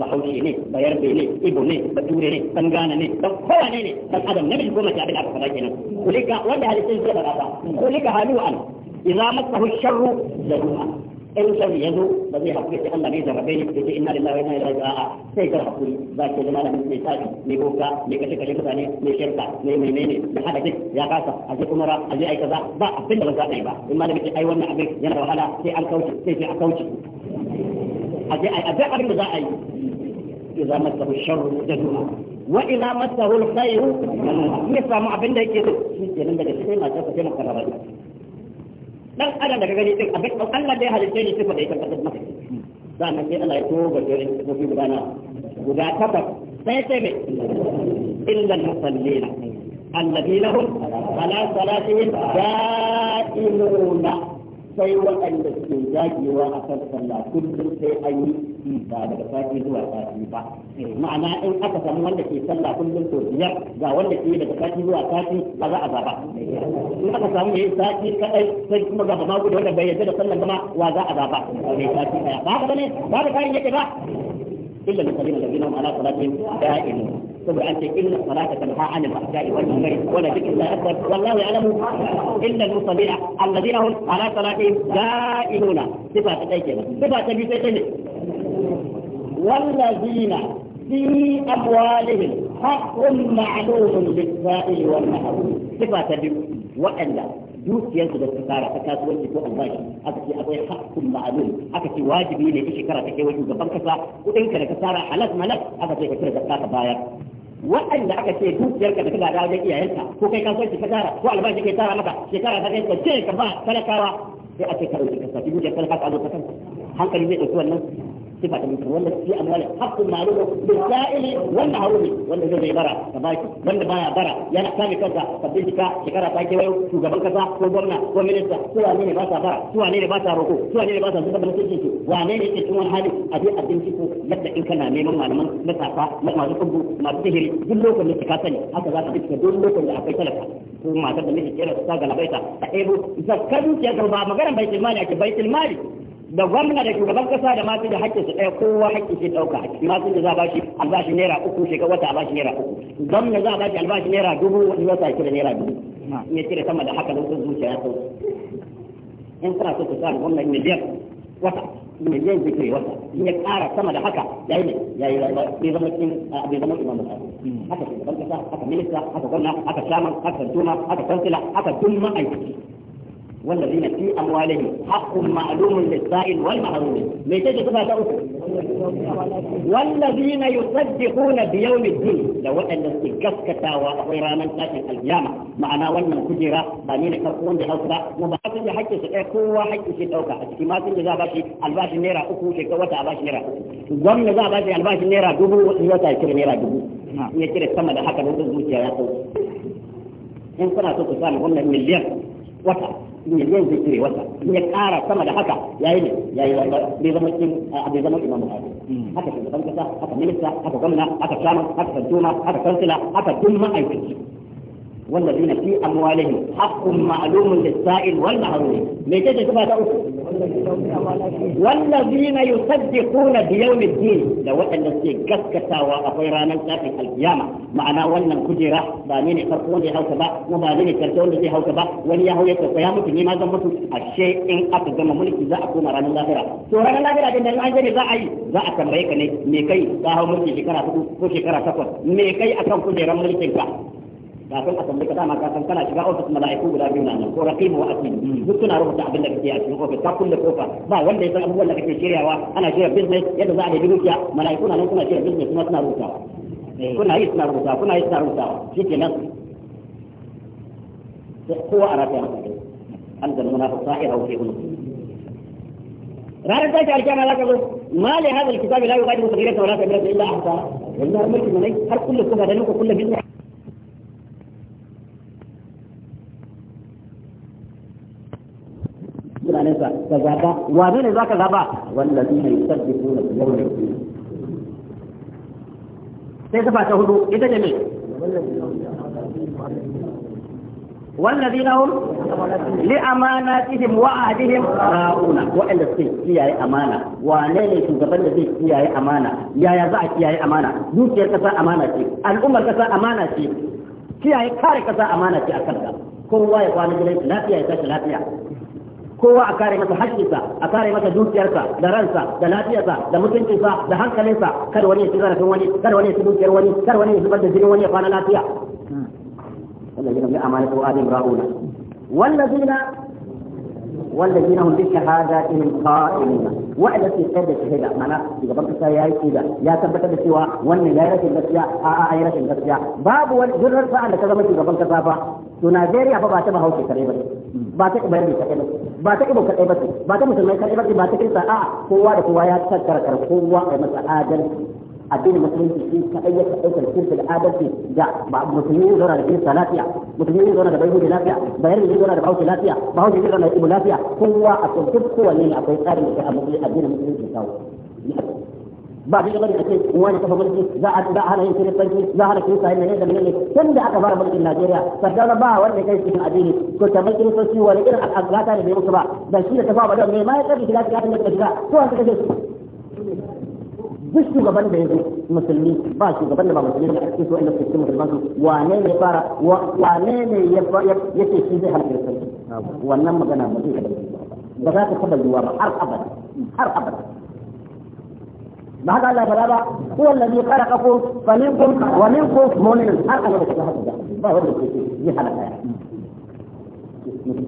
بحوشيني بيربيني ابني بتوريني بنغانني بخوانيني القدر نبي يقوم جابنا بخراجنا خلق ولا هل تنسي بغضا خلق هلوعا إذا مسه الشر جزوعا in sharri ya zo ba zai hakuri sai Allah ne zarrabe ni da inna lillahi wa inna ilaihi raji'un a'a sai ka hakuri za ka zama da mai tsari mai boka mai kashe kashe mutane mai shirka mai mai mai da hada duk ya kasa a je kuma a je ai kaza ba abin da ba za a yi ba in malami ce ai wannan abin yana da wahala sai an kauce sai sai a kauce a je ai abin abin da za a yi idza masahu sharru jadua wa idza masahu alkhairu ya samu abin da yake so shi kenan daga cikin masu kashe na karaba dan adam daga gani din abin Allah da ya halitta ne sifa da ya tabbatar maka sannan sai Allah ya turo da dole sifofi guda na guda tabbas sai sai me illa musallina alladina hum ala salatihim da'imuna sai waɗanda ke jajewa a kan sallah kullum sai an yi ba daga sati zuwa sati ba ma'ana in aka samu wanda ke sallah kullum to biyar ga wanda ke daga sati zuwa sati ba za a zaba in aka samu yi sati kadai sai kuma ga ma gudu wanda bai yarda da sallah ba wa za a zaba ne sati daya ba haka bane ba da karin yake ba illa al-qadina alladhina ma'ana salatin da'imun سبع أنت إن الصلاة تنهى عن الفحشاء والمنكر ذكر الله أكبر والله يعلم إلا المصلين الذين هم على صلاتهم دائمون صفة تيكنا صفة تيكنا والذين في أموالهم حق معلوم بالسائل والمحروم صفة تيكنا وإلا dukiyarsu da suka tara ta kasuwanci ko albashi aka ce akwai hakkun ma'alum aka ce wajibi ne ta shekara ta kai wajen gaban kasa kudin ka da ka tara halal malak aka ce ka ka bayar waɗanda aka ce ka da kaga da wajen iyayenka ko kai kasuwanci ka tara ko albashi kai tara maka shekara ta kai ka ce ka ba talakawa sai a ce ka ɗauki ka dukiyar talaka a zo ka kanka hankali zai ɗauki wannan صفة المثل ولا في أموال حق معلوم للسائل والمحروم ولا زي برا كبايك ولا بايا برا يا نحتاج كذا تبديك شكرا بايك ويو شو قبل كذا شو قبلنا ومنسا شو أنيني باسا برا شو أنيني باسا روكو شو أنيني باسا زي قبل سيجي شو وأنيني تشمون هذه أبي أبين شكو لبدا إن كان ميمون ما نمن مسافة ما ما تكبو ما تهري جلو كل تكاسني هذا ذاك بيك جلو كل أفكار ثم ما تبدأ ميجي كيرا تساقل بيتا إذا كانت يا قربا مقرم بيت المال أكي بيت المال da gwamna da shugaban kasa da masu da haƙƙi su ɗaya kowa haƙƙi shi ɗauka masu da za a bashi albashi naira uku shekara wata albashi naira uku gwamna za a bashi albashi naira dubu wani wasa ya kira naira dubu ya cire sama da haka lokacin zuciya ya sauki in suna so su sa da gwamna miliyan wata miliyan zai kire wata in ya ƙara sama da haka ya yi ne ya yi bai zama cikin bai zama imamu haka shugaban kasa haka minista haka gwamna haka shaman haka tuma haka kansila haka dun ma'aikaci والذين في أموالهم حق معلوم للسائل والمحروم ميتين تبقى تأكل والذين يصدقون بيوم الدين لو أن السكسكة من تاتي القيامة معنا وأن كجرة بانين كرقون بحسرة مباحث لحج سعيكو وحج سعيكوكا ما لذا باشي الباش نيرا أكو شكوة الباش نيرا ومن ذا باشي الباش نيرا دبو وإيوتا يكري نيرا دبو نعم. يكري السمد حكا بوضو زوجيا يقول in kuna so ku sa mu wannan wata in ya zai cire wata in ya kara sama da haka yayi ne yayi bai zama cikin bai zama imamu haka haka shugaban kasa haka minista haka gwamna haka chairman haka kantoma haka kansila haka duk ma'aikaci والذين في أموالهم حق معلوم للسائل والمحروم ليس تشبه تقول والذين يصدقون بيوم الدين لو أن السيقف كساوى أخيرانا في القيامة معنا ولن كجرة بانين يفرقون دي هوكبا وبانين يفرقون دي هوكبا وليهو يتقيام في نيما زمت الشيء إن أقدم ملك إذا اكون رانا الآخرة سورة الآخرة دي نلعان زي ذا أي ذا أتمريك ني ميكي هو ملكي شكرا فتو شكرا تقول ميكي أكم كجرة ملكي kafin a tambaye ka dama ka san kana shiga ofis mala'iku guda biyu na nan ko raqib wa atid duk suna rubuta abin da kake a cikin ofis ka kulle kofa ba wanda ya san abubuwan da kake shiryawa ana shirya business yadda za a yi dukiya mala'iku na nan suna shirya business kuma suna rubutawa kuna yi suna rubutawa kuna yi suna rubutawa shikenan kowa a rafiya masa kai an zama munafiq sa'ira wa fi ranar tashi alkiyama za ka zo ma li hadha alkitabi la yughadiru saghiratan wa la kabiratan illa ahsaha wannan mulki ne har kullu kuma da nuka kullu bin mutanensa ka zaba wane ne ka zaba wanda zai yi sabbi suna da yawan yau sai ka fata hudu ita ne wallazi na hun li amana wa ahdihim ra'una wa inda suke kiyaye amana wane ne shugaban da zai kiyaye amana yaya za a kiyaye amana dukiyar kasa amana ce al'ummar kasa amana ce kiyaye kare kasa amana ce a kanka kowa ya kwana gidan lafiya ya tashi lafiya kowa a kare masa haƙƙinsa a kare masa dukiyarsa da ransa da lafiyarsa da mutuncinsa da hankalinsa kar wani ya ci zarafin wani kar wani ya ci dukiyar wani kar wani ya zubar da jinin wani ya kwana lafiya والذين هم بأمانة وآدم راؤون والذين والذين هم بشهاداتهم قائمون وعد في قيد الشهادة معناه إذا بنت يا كذا يا ثبت بالسوى وأن لا يرث البسيا آآ آآ يرث البسيا باب والجرر فعل كذا مثل إذا بنت صافا تنازيري أبا باتبه هوكي قريبا ba ta ibrahim kadai ba ba ta ibo kadai ba ba ta musulmai kadai ba ba ta kirista sa'a, kowa da kowa ya tattara kar kowa a masa adal addinin musulunci shi kaɗai ya kadai kirista da adalci da ba musulmi ne zauna da kirista lafiya musulmi ne zauna da bai hudu lafiya bayar ne zauna da bauchi lafiya bauchi ne zauna da ibu lafiya kowa a cikin kowanne ne akwai tsarin da addinin musulunci kawo ba shi bane ake wani kafa mulki za a da hana yin kiristanci za a hana kirista yin ne da menene tun da aka fara mulkin Najeriya sardauna ba wanda kai cikin addini ko kamar kiristanci wani irin al'adata ne bai musu ba dan shi da ta fara da mai ma ya kafi shiga cikin da shiga to an kace duk shugaban da ya zo musulmi ba shugaban da ba musulmi da ake so inda suke musulman su wane ne fara wane ne ya ce shi zai halin kiristanci wannan magana ba zai ba za ta taba yiwa ba har abada har abada ما هذا الله بلابا هو الذي خلقكم فمنكم ومنكم مؤمن أنا أقول لك هذا ما هو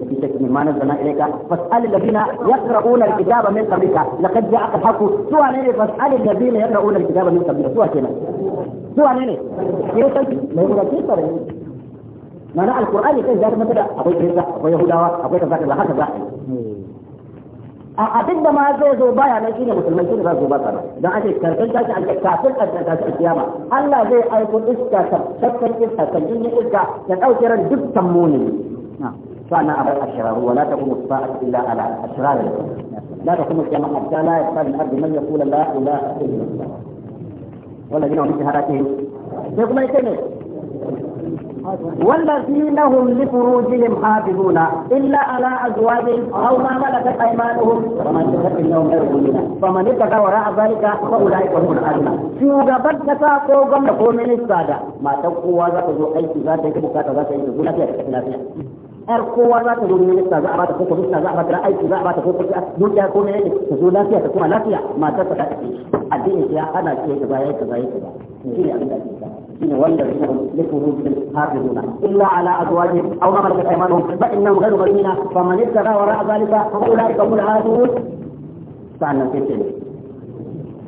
في شك مما نزلنا اليك فاسال الذين يقرؤون الكتاب من قبلك لقد جاءك الحق سوى نيني فاسال الذين يقرؤون الكتاب من قبلك سوى كنا سوى نيني ما يقول لك معنى القران كيف ذات مثلا ابو يهودا ابو يهودا ابو كذا كذا هكذا a abin da ma zai zo baya nan shine musulmai shine za su ba sana dan ake karfin tashi ake kafin a tsaka ta kiyama Allah zai aiko iska ta tsakkan iska ta jinni iska ta dauke ran dukkan muni فأنا أبا الأشرار ولا تقوم الساعة إلا على أشرار لا تقوم القيامة حتى لا يبقى الأرض من يقول لا إله إلا الله والذين هم في هلاكهم يقول ما يتمي والذين هم لفروجهم حافظون الا على ازواجهم او ما ملكت ايمانهم فمن ابتغى وراء ذلك فاولئك هم الاعلى شوغا بدك تاكو غم نكو من السادة ما تقوى ذاك ذو اي سيزا ذاك بكاة ذاك اي سيزا ذاك اي سيزا ar kowa za ta zo ne ta za a ta ko kuma za a ta aiki za a ta ko kuma duniya ko ne ta zo lafiya ta kuma lafiya matar ta kace addini ya ana ce ga baya ga baya ga shi ne wanda ne ne ko حافظون الا على ازواجهم او ما ملكت ايمانهم فانهم غير مؤمنين فمن ابتغى وراء ذلك فاولئك هم العادون فعلنا في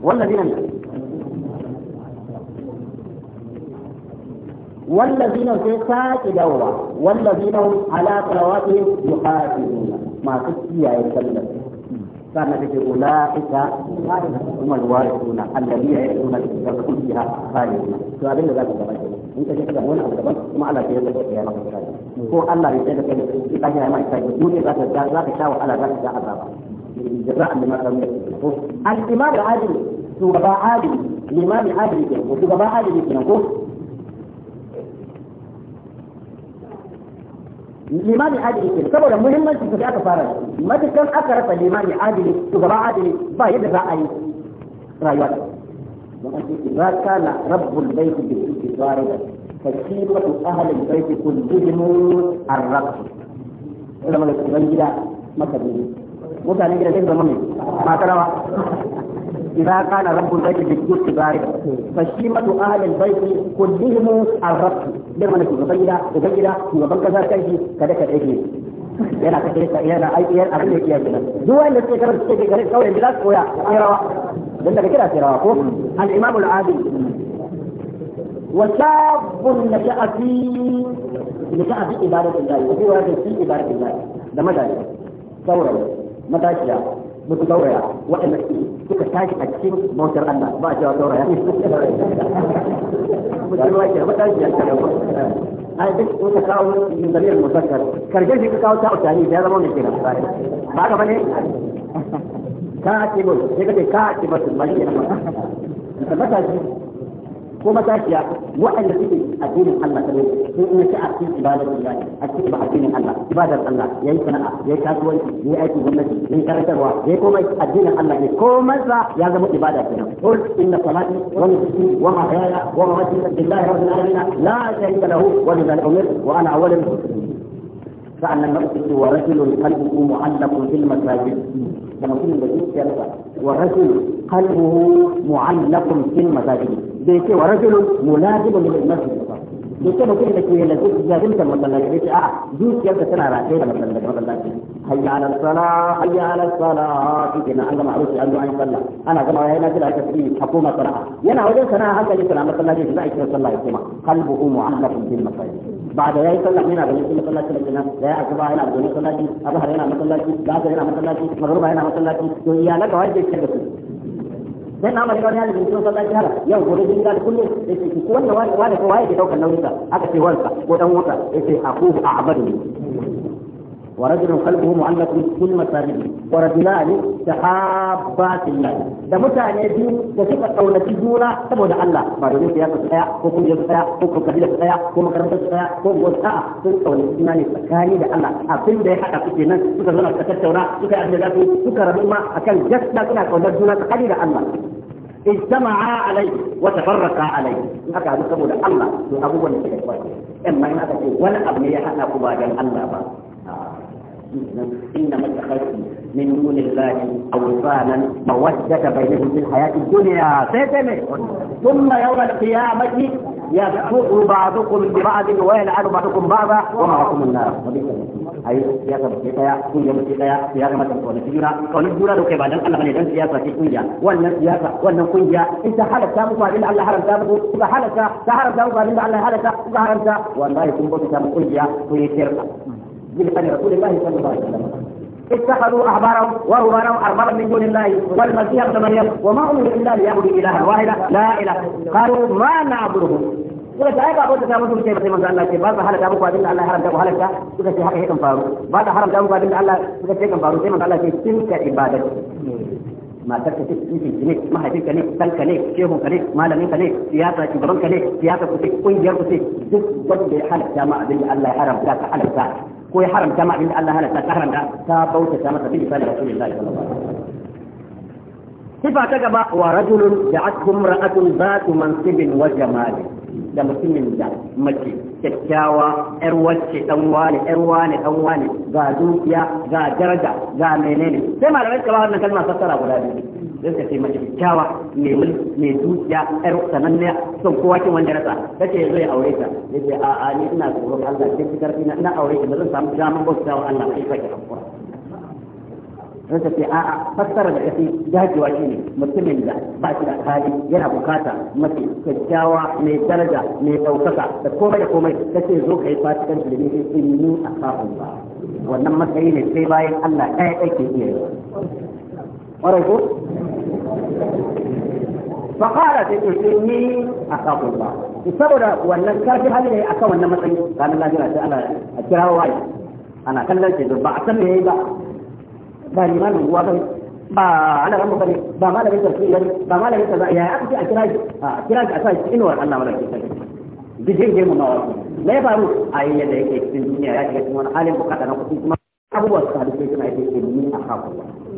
والذين والذين في ساعة دورة والذين هم على صلواتهم يحافظون ما تسكي يا يسلم كان في أولئك هم الوارثون الذين يرثون الكتاب فيها خالدون سؤال ذلك in ka shiga wani abu daban kuma Allah sai ya tabbata ya maka tsari ko Allah ya tsaya da kai in ka ya maka tsari dole za ka za ka sha wahala za ka sha azaba jaza'an lima kan ko al-imam al-adil shugaba adil limami adil ke ko shugaba adil ke ko limami adili ke saboda muhimmanci su da aka fara matukan aka rasa limami adili shugaba adili ba yadda za a yi rayuwa don an ce idza kana rabbul baiti bi ضاربا فالشيبة أهل البيت كلهم الرقص لما يكون جدا مثلا mutane gida zai zama mai masu rawa idan kana rabbul baiti bi kutti bari fa shi matu ahlul baiti kullihim ar-rabb dai mana ku gaban gida gaban gida ku gaban kasa kanki kada ka dake yana ka dake yana aiki yana abin da yake yana duk wanda suke karar suke gare kauyen gida koya ai rawa dan daga kira sai rawa ko al-imam al-adil وشاب نشأ في نشأ في عبادة الله وفي ورد في عبادة الله ده مدى ثورة مدى شيئا متدورة وإن تحتاج أكسب موتر أنا ما جاء دورة متدورة متدورة أنا بس متكاول من ضمير المذكر كرجل في تكاول تاو تاني ده ما نجينا بعد ما كاتب كاتب المدينة متى kuma matashiya wa'anda suke addinin Allah ta ne sun in ci a cikin ibadar Allah a cikin ba addinin Allah ibadar Allah yayi sana'a yayi kasuwanci yayi aiki gwamnati yayi karantarwa yayi komai addinin Allah ne komai sa ya zama ibada kenan qul inna salati wa nusuki wa mahyaya wa mamati lillahi rabbil alamin la sharika lahu wa bi dhalika umirtu wa ana awwalul muslimin sa'annan na ورجل قلبه معلق في المساجد fil masajid da ورجل قلبه معلق في المساجد بيت ورجل ملازم للمسجد الصحيح لكن كل شيء الذي يجب ان يكون لك ان يكون لك ان يكون لك ان هيا على الصلاة هيا على الصلاة كنا عند معروف عنده عين صلاة أنا كما هنا كلا كسبي حكومة صلاة ينا هذا سنة هذا اللي صلاة مثلا جيس لا يصير صلاة يسمع قلبه معلق في المصلي بعد يا صلاة هنا بجيس مثلا صلاة كنا لا أكبا هنا بجيس صلاة كنا أبهر هنا مثلا كنا جاز هنا مثلا كنا مغرب هنا مثلا كنا يا لك هاي جيس كسبي sai na dia wani halin sun sauka shi hala yau gobe jin gadi dia sai ce ki wannan wani dia ko waye ke daukar nauyinsa aka ce wansa ko dan wuta sai ce akuhu a abadu ورجل قلبه معلق في المساجد ورجلان تحابا في الله ده متى يجي تسيب القول في جولة تبعد الله فارجو في هذا الصياء كوكو جيد الصياء كوكو كبير الصياء كوكو كرم الصياء كوكو الصياء كوكو الاسمان الثاني ده الله أفل ده آه، حتى في جنان كوكو زنا تكتونا كوكو لك الله كوكو لك أكل جسنا كنا قول جولة تقليل الله اجتمع عليه وتفرق عليه هكا هذا كبير الله يقول أبو ونسيح ولا أبني حتى كبير الله إنما اتخذت من دون الله أوصالا مودة بينهم في الحياة الدنيا ثم يوم القيامة يفوق بعضكم ببعض ويلعن بعضكم بعضا ومعكم لكم النار أي سياسة كل يوم سياسة مثلا كون الجورة كون الجورة لو كيف أدن أنا وأن سياسة وأن كوية إنت حالك سامسة إلا الله حرم سامسة إنت حالك سامسة حرم سامسة إلا الله حالك سامسة يكون بوتي سامسة بلسان رسول الله صلى الله عليه وسلم اتخذوا احبارهم ورهبانهم اربابا من دون الله والمسيح ابن مريم وما امروا الا ليعبدوا الها واحدا لا اله قالوا ما نعبدهم إذا تأيك أقول تسامن سوى شيء بسيما الله شيء بعض حالة أبوك وعدين الله حرم تأبو حالك إذا شيء حقه هيكم فارو بعض حرم تأبوك وعدين الله إذا شيء كم فارو سيما الله شيء تلك عبادة ما تلك تلك نيك ما هي تلك نيك تلك نيك شيهم كنيك ما لم ينك نيك سياسة كبرون كنيك سياسة كتك وين جير كتك دك وجد حالك جامع عدين الله حرم تأبو حالك تأبو ko ya haramta ma inda Allah halatta ta haramta ta bautata masa bi misali Rasulullahi sallallahu alaihi wasallam sifa ta gaba wa rajulun da'atkum ra'atun zatu mansibin wa jamali da mutumin da mace kyakkyawa yar wacce dan wani yar wani dan wani ga dukiya ga daraja ga menene sai malamai suka ba wannan kalma fassara guda biyu don ka ce mace kyakkyawa mai mulki mai dukiya yar sananne son kowa kin wanda rasa kace yanzu ya aure ta yace a a ni ina tsoron Allah sai ki karfi na ina aure ki bazan samu dama daman bautawa Allah ba sai ka hakura don ka ce a a fassara da kace dajewa shine mutumin da ba shi da hali yana bukata mace kyakkyawa mai daraja mai daukaka da komai da komai kace zo kai fatikan da ne in ni a kafin ba wannan matsayi ne sai bayan Allah ɗaya ɗaya ke iya yi. Ƙwarai ko? فقالت إني أخاف الله saboda wannan karfi hali ne akan wannan matsayi ranar lahira sai ana a kira waye ana kallon shi ba a san me yayi ba ba limamin ruwa bane ba ana ramu bane ba ma malamin tafsiri bane ba malamin kaza yaya aka ce a kira shi a kira shi a sa shi inuwar Allah wala ke sai bijin girma ma wasu me ya faru a yayin da yake cikin duniya ya shiga cikin wani halin bukata na kuɗi kuma abubuwa su hadu sai suna yake ni a kafin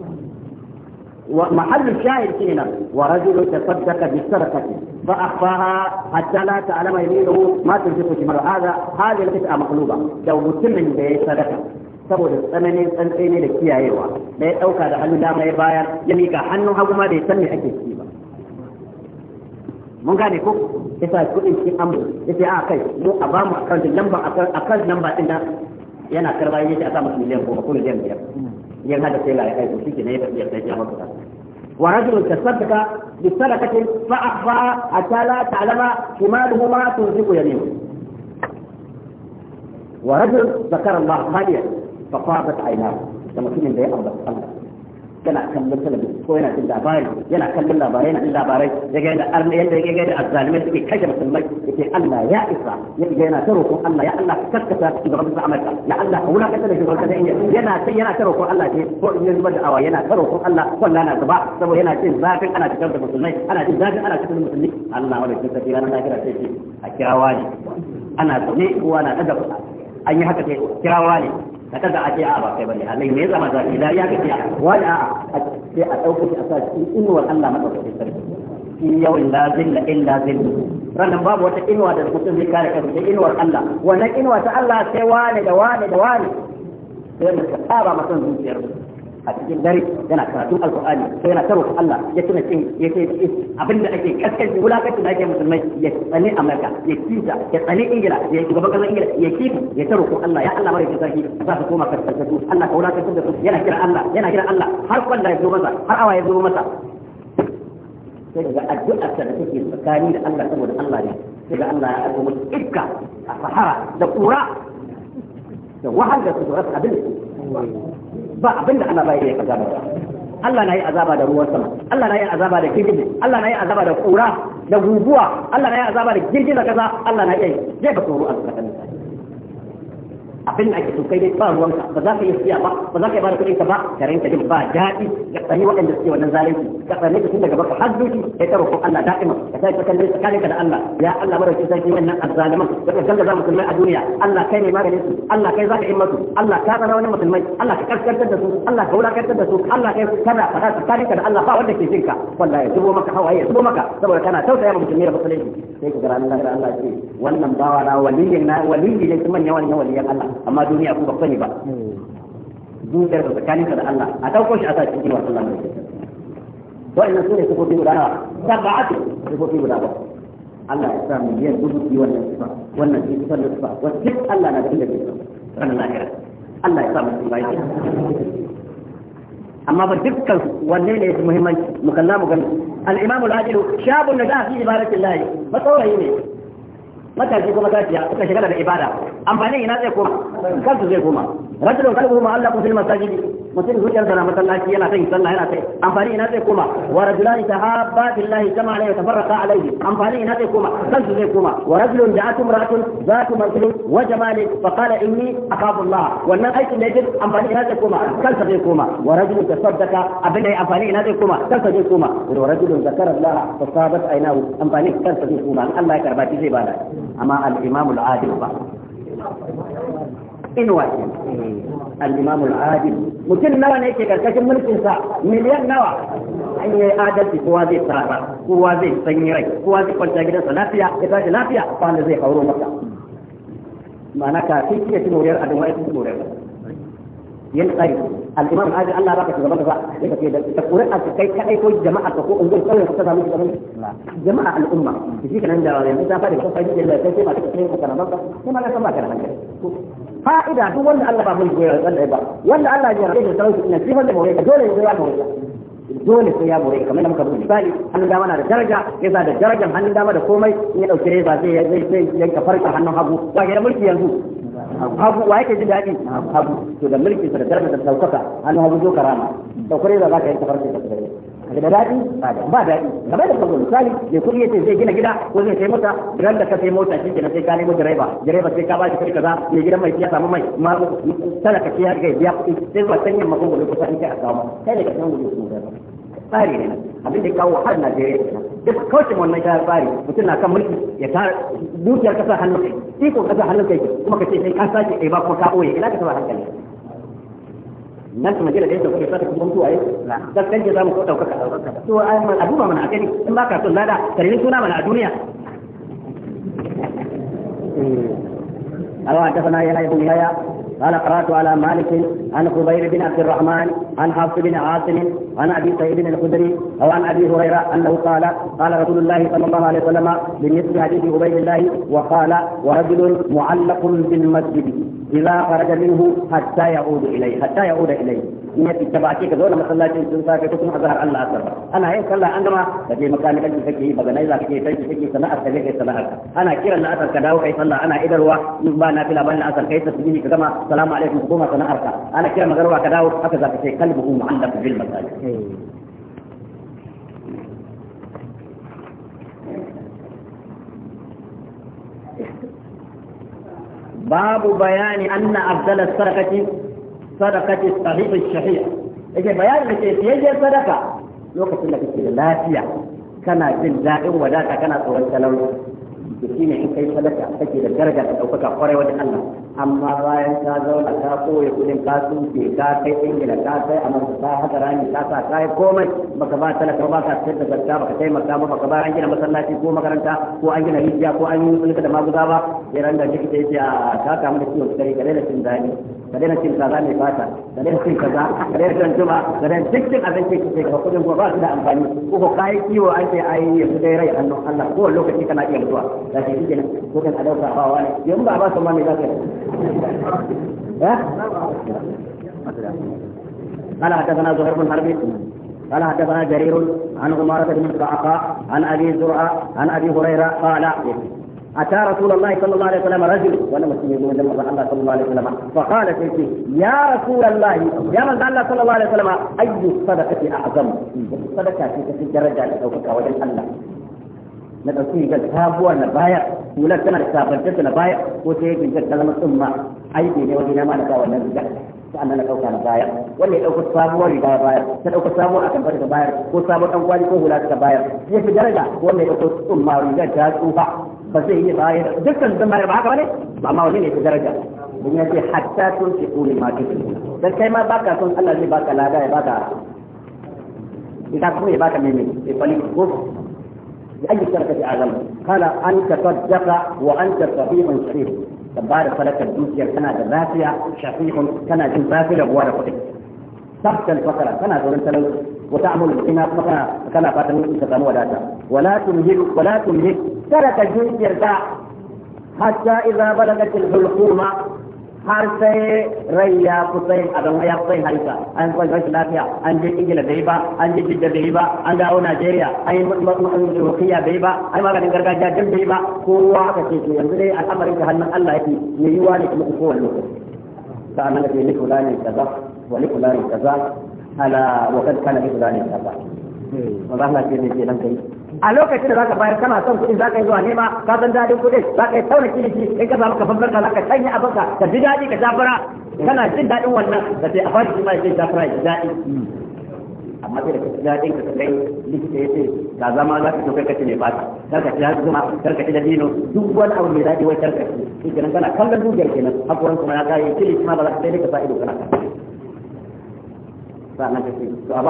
ومحل الشاهد فينا ورجل تصدق بالسرقة فأخفاها حتى لا تعلم يمينه ما a شماله هذا هذه القطعة مقلوبة لو متمن بصدقة saboda tsananin tsantsai ne da kiyayewa da ya ɗauka da hannun dama ya bayar ya mika hannun hagu ma da ya san me ake ci ba mun gane ku ya sa kuɗin cikin amur a kai mu a bamu mu akan lamba akan lamba ɗin da yana karba ya ce a sa musu miliyan ko ko miliyan biyar kai shi ne ya ورجل تصدق بصدقة فأخفاها حتى لا تعلم شماله ما تنفق يمينه ورجل ذكر الله خاليا ففاضت عيناه كما كنا بي الله yana kallon talabijin ko yana jin labari yana kallon labarai yana jin labarai ya ga yadda arna yadda ya ga yadda azzalimai suke kashe musulmai yake Allah ya isa ya ga yana ta roƙon Allah ya Allah ka kaskata shugaban ƙasar Amurka ya Allah ka wulakanta da shugaban ƙasar India yana ta yana ta roƙon Allah ne ko in yanzu da awa yana ta roƙon Allah kwalla na gaba saboda yana jin zafin ana cikin da musulmai ana jin zafin ana cikin musulmi Allah wanda ke tafiya na kira sai ce a kirawa ne ana zaune kowa na ɗaga kuɗa an yi haka sai kirawa ne a kaza a ce a ba kai bane halai me zama za ki da ya kace wala a ce a dauko shi a sa shi inuwar Allah madaukakin sarki shi yau la zilla illa zilla ranan babu wata inuwa da mutum zai kare kansa inuwar Allah wannan inuwa ta Allah sai wani da wani da wani sai mu tsaba masan zuciyar mu a cikin dare yana karatun alkur'ani sai yana taro Allah ya tuna cin ya ce abin da ake kaskanci wulakacin da ake musulmai ya tsani Amerika ya kisa ya tsani Ingila ya shugaban kasar Ingila ya kifa ya taro ko Allah ya Allah mara kin sarki za su koma karkashin Allah ka wulakacin da su yana kira Allah yana kira Allah har kwalla ya zo masa har awa ya zo masa sai daga addu'ar da take tsakani da Allah saboda Allah ne sai ga Allah ya aiko musu iska a sahara da kura da wahal da su abin ba da Allah bai ya azaba da Allah na yi azaba da ruwan sama Allah na yi azaba da girgije Allah na yi azaba da kura da guguwa Allah na yi azaba da girgiza kasa, Allah na iya zai ka tsoro a abin da ake so kai dai ba ruwanka ba za ka iya siya ba ba za ka ba da kuɗin ka ba karen ka jin ba daɗi ga tsani waɗanda suke wannan zalunci ka tsani ka tun daga baka har zuci kai ta roƙon Allah da'ima ka sai ka kalle tsakanin ka da Allah ya Allah mara cikin sarki wannan azzaliman da ka ganga za musulmai a duniya Allah kai ne maganin su Allah kai za ka yi masu Allah ka tsara wani musulmai Allah ka karkantar da su Allah ka wulakantar da su Allah kai kana faɗa tsakanin ka da Allah ba wanda ke jin ka wallahi zubo maka hawaye zubo maka saboda kana tausaya ma musulmi da musulunci sai ka ga ranar Allah ce wannan bawa na waliyin na waliyin ne kuma ne wannan waliyin Allah amma duniya ku ba sani ba zuciyar da tsakaninka da Allah a dauko shi a sa cikin wasu Allah wa'annan sune sifofi guda nawa sab'atu sifofi guda ba Allah ya sa mu yin dubu ki wannan sifa wannan ki sifar da sifa wa duk Allah na da inda ke ranar lahira Allah ya sa mu cikin bayi amma ba dukkan wanne ne yake muhimmanci mu kalla mu gani al-imam al-adil shabun najahi fi ibadatillah matsawayi ne matashi kuma tashiya suka shigala da ibada amfani ina zai koma kansu zai koma rajulun kalbuhu ma Allah kun masajidi mutum zuciyar na masallaci yana ta sallah yana ta amfani ina zai koma wa rajulani tahabba billahi kama alayhi tafarraqa alayhi amfani ina zai koma su zai koma wa rajulun da'atum ra'atun zat mansibin wa jamali fa qala inni akhafu Allah wannan aikin da yake amfani ina zai koma kansa zai koma wa rajulun tasaddaqa abin da amfani ina zai koma kansa zai koma wa rajulun zakara Allah fa sabat aynahu amfani kansa zai koma Allah ya karba shi zai bada amma al imamul adil ba inuwa ce mutum nawa ne ke karkashin mulkinsa miliyan nawa an yi adalci kowa zai tsara kowa zai sanyi rai kowa zai kwanta gidansa lafiya ya tashi lafiya wanda zai hauro masa ma'ana kafin kiyar ci moriyar abin wa'ai ci ينقرض الامام هذا الله بارك في زمانه يكفي تقول ان كاي كاي كو جماعه تكو ان كل كان كذا من جماعه الامه في كان عند يعني اذا فاد كو فايده لا كاي ما تكفي كو كان بقى كما لا سمع كان فائده هو ان الله بابو يقول با ولا الله يرضى تلوث ان في هذا مريك دول يقول dole sai ya more kamar da muka buga misali hannun dama na da daraja ya da darajar hannun dama da komai ya dauki reza zai zai yanka farka hannun hagu ba ya mulki yanzu hagu wa yake jin daɗi hagu to da mulkin sa da daraja da saukaka an hagu zo karama to kure da zaka yi ta farko da da daɗi ba daɗi game da farko misali mai kuɗi yace zai gina gida ko zai sai mota ran da ka sai mota shi kenan sai ka nemo direba direba sai ka ba shi kuɗi kaza mai gidan mai ya samu mai ma talaka ka ya ga biya kuɗi sai zuwa sanyin magungunan kusa in kai a samu kai da ka san gudu su da tsari ne abin da kawo har Najeriya kenan duk kaucin wannan ta tsari mutum na kan mulki ya ta dukiyar kasa hannun kai iko kasa hannun kai kuma ka ce sai kan sake ai ba ko ka boye ina ka saba hankali nan kuma jira da yadda kuke sata kuma mutuwa yi gaskan ce zamu ko daukaka to ai man a duba mana a gani in ba ka son lada karin suna mana a duniya hmm. Allah ta sana yana yi kuma ya قال قرات على مالك عن خبير بن عبد الرحمن عن حفص بن عاصم عن ابي سعيد الخدري او عن ابي هريره انه قال قال رسول الله صلى الله عليه وسلم بالنسبه حديث عبيد الله وقال ورجل معلق بالمسجد اذا خرج منه حتى يعود اليه حتى يعود اليه gwamnati ta bace ka zauna masallacin sun sa kai ko kuma azhar Allah asar ana yin sallah an gama da je makanikan da kake yi baganai za ka je tanki kake sana'ar ka kai sana'ar ana kiran na asar ka dawo kai sallah ana idarwa in ba na fila ban na asar kai tasbihi ka gama salamu alaikum ko ma sana'ar ka ana kiran magarwa ka dawo haka za ka kai kalbuhu mu'allaq bil masajid باب بيان أن أفضل السرقة صدقة الصحيح الشهية إذا بيان لكيف يجي الصدقة لوك سنك السيد لا فيها كما جلزاء وذاك كما صورة لو بكين حكي صدقة حكي للدرجة أو بكى قرية ودخلنا amma bayan ta zauna ta koya kudin ka tuke ka kai ingila ka kai amurka ka haka rani ka sa ka yi komai baka ba talaka ba ka fitar da zakka baka taimaka ba baka ba an gina masallaci ko makaranta ko an gina rijiya ko an yi sulka da maguza ba ya ranga da likita yace a ka kamu da ciwon kare ka daina cin zani ka daina cin kaza mai fata ka daina cin kaza ka daina cin tuba ka daina duk cin abinci kake ka kudin ko ba su da amfani ko ko kai kiwo an ce ai yanzu dai rai hannun Allah ko lokaci kana iya mutuwa da shi kenan ko kan a dauka ba wani yan ba ba su ma me zaka قال حدثنا زهير بن حرب قال حدثنا جرير عن عمارة بن قعقاع عن أبي زرعة عن أبي هريرة قال أتى رسول الله صلى الله عليه وسلم رجل وأنا مسلم من جمع الله صلى الله عليه وسلم فقال سيدي يا رسول الله يا من الله صلى الله عليه وسلم أي الصدقة أعظم الصدقة في درجة أو وجه الله na ɗauki rigar sabuwa na baya hular tana da sabantarta na baya ko sai yi rigar ta zama ma aiki ne wajen nama na sa wannan rigar sa'annan na ɗauka na baya wanda ya ɗauka sabuwar riga baya ta ɗauka sabuwar a kamfar ta bayar ko sabon ɗan kwali ko hula ta bayar ya fi daraja wanda ya ɗauka ma rigar ta tsufa ba zai iya bayar dukkan zan bayar ba haka ba ne ba ma wani ne fi daraja don ya ce hatta sun fi ƙuli ma duk dan kai ma baka son Allah zai baka lada ya baka ita kuma ya baka mai mai ya ko أي شركة أعظم قال أن تصدق وأنت صحيح شريف تبارك لك الدنيا كان دافع شفيق كان جنبافل أبوار قدك تحت الفقرة كان دون تلوث وتعمل بقناة مثلا كما فاتن تسمى وداتا ولا تمهل ولا تمهل ترك الجنس حتى إذا بلغت الحلقومة har sai rai ya kusa yin abin ya kusa yin harisa an kusa rashin lafiya an je ingila bai ba an je jidda bai ba an dawo najeriya an yi rukiya bai ba an yi maganin gargajiya duk bai ba kowa haka ce to yanzu dai al'amarin ka hannun allah yake mai yiwa ne kuma wani lokaci sa'an nan ka ce ni ne kaza wa ni ne kaza ala wa kad kana ni ne kaza ba za ce ne ke nan kai a lokacin da zaka bayar kana son kuɗin zaka yi zuwa nema ka san dadin kuɗi zaka yi tauna kiliki in ka samu kafan barka zaka canja a baka ka ji daɗi ka jafara kana jin daɗin wannan da sai a shi ma sai jafara ya ji daɗi amma sai da kashi daɗin ka kai likita ya ce ga zama za ka so kai kashi mai fata ci ya zuma karkashi da dino duk wani abu mai daɗi wai ci shi kenan kana kallon dukiyar kenan hakuran kuma ya kayi kiliki ma ba za ka sai ka sa ido kana kan فأنا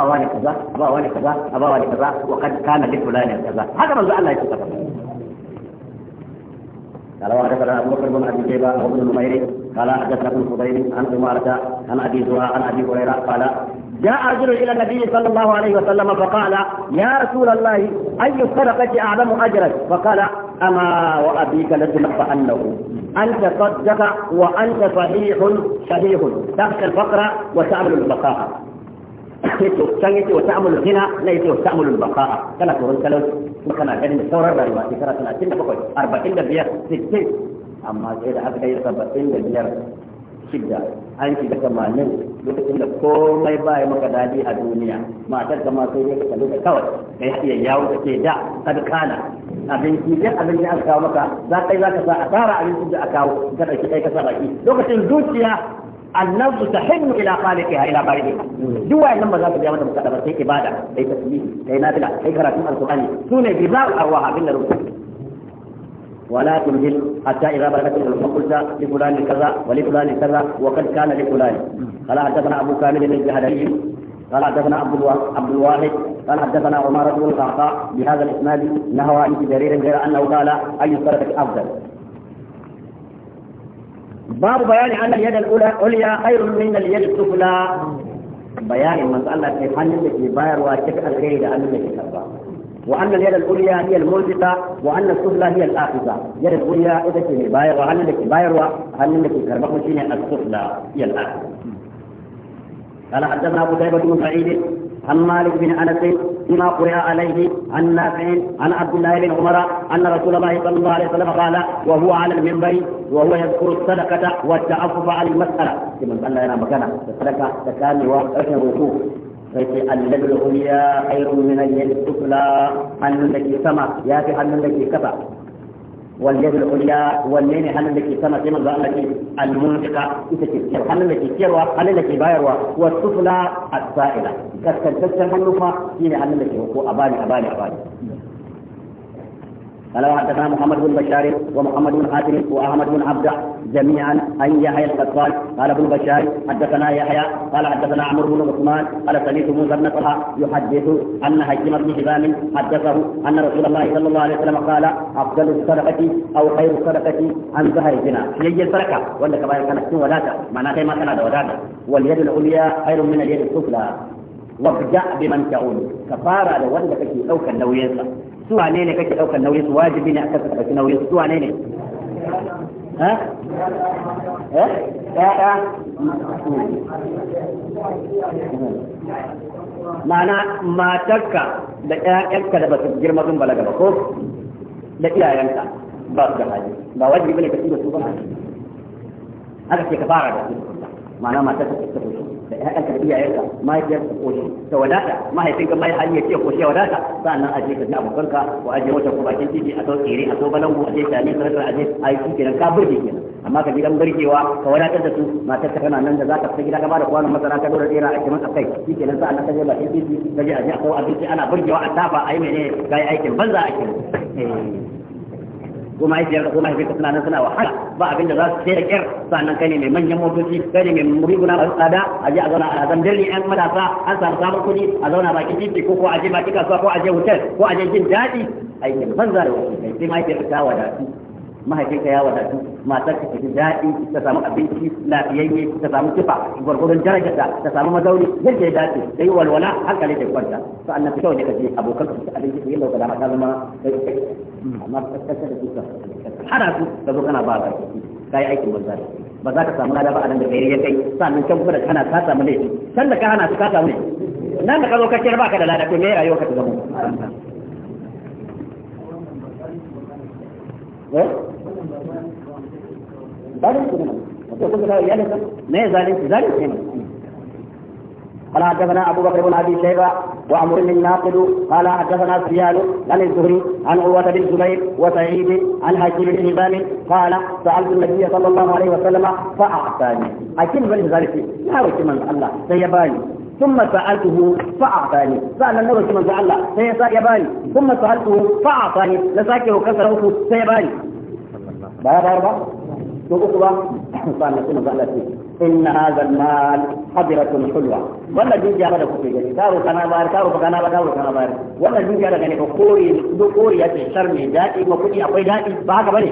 والي كذا أبا والي كذا أبا والي كذا وقد كان لفلان كذا هذا من الله يتكلم قال وحدثنا ابو بكر بن ابي شيبه وابن نمير قال حدثنا ابن فضيل عن عمارة عن ابي زهاء عن ابي هريره قال جاء رجل الى النبي صلى الله عليه وسلم فقال يا رسول الله اي الصدقه اعظم اجرا فقال اما وابيك لتنبأنه انت صدق وانت صحيح صحيح تخشى الفقر وتعمل البقاء to can yake wata amul hina na yake wata amul baqa'a kana turun talauci kuma kana ganin sauran rayuwa shekara cin da bakwai arba'in da biyar sittin amma sai da aka yi saba'in da biyar shidda an shiga tamanin lokacin da komai ba ya maka dadi a duniya matar kama sai ya ka da kawai kai iya yawo da ke da kadkana abinci duk abin da aka kawo maka za ka yi za ka sa asara abincin da aka kawo ka ɗauki kai ka sa baki lokacin zuciya النفس تحن الى خالقها الى بارئها duk wayannan ba za ka biya mata bukata ba sai ibada sai tasbihi sai nafila sai karatun alqur'ani sune bizar arwaha bin rubutu ولا تمهل حتى إذا بلغت الروح قلت لفلان كذا ولفلان كذا وقد كان لفلان قال حدثنا أبو كامل بن الجهدري قال حدثنا عبد الواحد عبد الواحد قال حدثنا عمر بن الخطاب بهذا الإسناد نهى عن جرير غير أنه قال أي الصلاة أفضل باب بيان أن اليد الأولى عليا خير من اليد السفلى بيان مسألة في حل التي باير واتفق الخير لأن التي وأن اليد العليا هي الملبسة وأن السفلى هي الآخذة يد العليا إذا كان باير وأن التي باير وأن التي كربخ السفلى هي الآخذة قال حدثنا أبو سعيد بن سعيد عن مالك بن انس بما قرئ عليه عن نافع عن عبد الله بن عمر ان رسول الله صلى الله عليه وسلم قال وهو على المنبر وهو يذكر الصدقه والتعفف عن المساله كما قال لنا مكانا الصدقه تكامل وحسن الوقوف sai يا خير من min al عن الذي hannun يا ke عن الذي كفى واليد العليا والنين هل لك سما سما ذا لك المنفقه تتكير هل لك كيروا هل لك بايروا والسفلى السائله كتكتكتن هنوفا شيء هل لك هو اباني اباني اباني قال وحدثنا محمد بن بشار ومحمد بن حاتم واحمد بن عبده جميعا عن يحيى القطان قال ابن بشار حدثنا يحيى قال حدثنا عمرو بن عثمان قال سمعت موسى بن طلحه يحدث ان هشام بن حزام حدثه ان رسول الله صلى الله عليه وسلم قال افضل الصدقه او خير الصدقه عن ظهر الزنا هي الصدقه ولا كما كانت وداته معناها ما كان وداته واليد العليا خير من اليد السفلى وابدا بمن تعود كفاره لو ولدك في اوكا لو ينفع su wane ne kake daukar nauyi su wajibi ne aka ɗauki nauyi su wane ne ha ma'ana matarka da ƴaƴanka da ba su girma sun balaga ba ko da iyayenka ba su da haji ba wajibi ne ka tura su ba haka ce ka fara da su ma'ana matarka ta tura su da ƴaƴanka da iyayenka mahaifiyarka koshi ta wadata mahaifinka mai hali ya ce koshi ya wadata sannan a je ka ji abokanka ko a je wata ko bakin titi a sau tsere a sau balangu a je shani sanar a je a yi kenan ka burge kenan amma ka dan burgewa ka wadatar da su matar ka tana nan da za ka fita gida ka da kwanon masara ka dora tsera a kiman a kai shi kenan sa'an ka je bakin titi ka je a je a kawo abinci ana burgewa a tafa a yi mene ka yi aikin banza a kenan eh. ko mahaifiyar ko mahaifiyar suna nan suna wahala ba abin za su sai da kyar sannan kai ne mai manyan motoci kai ne mai muriguna ba tsada a je a zauna a zan dalli yan matasa an samu samun kuɗi a zauna baki titi ko ko a je baki kasuwa ko a je hotel ko a je jin daɗi aikin banza da wasu sai ma mahaifiyar ta wadatu mahaifinka ya wadatu matar ka ji daɗi ta samu abinci lafiyayye ta samu kifa gwargwaron daraja ta ta samu mazauni yadda ya dace da yi walwala hankali da kwanta sa'annan ka kawai ne ka je abokan ka abinci ku yi lauka da haka kai amma kasar da kuka hana su ka zo kana ba ka ka yi aikin banza ba za ka samu lada ba a nan da kai ya kai sa'annan can kuma da kana ka samu laifi can da ka hana su ka samu laifi nan da ka zo ka kira ba ka da lada to me rayuwa ka ta zama إيه؟ ذلك قال حدثنا ابو بكر بن ابي شيبه وعمر بن الناقد قال حدثنا سفيان عن الزهري عن عروه بن زبير وسعيد عن حكيم بن هبام قال سالت النبي صلى الله عليه وسلم فاعطاني اكل من ذلك لا وكمل الله سيباني ثم سألته فأعطاني سأل النبي من الله سيسا يباني ثم سألته فأعطاني لساكر كسر أخو سيباني بابا أخرى؟ تقول سألنا لكم الله إن هذا المال حضرة حلوة ولا جنجا بدا كتيجي كارو كنا بار كارو كنا بار كارو كنا بار ولا جنجا بدا كني كوري دو كوري شرمي شر مي وكني أقوي داتي بني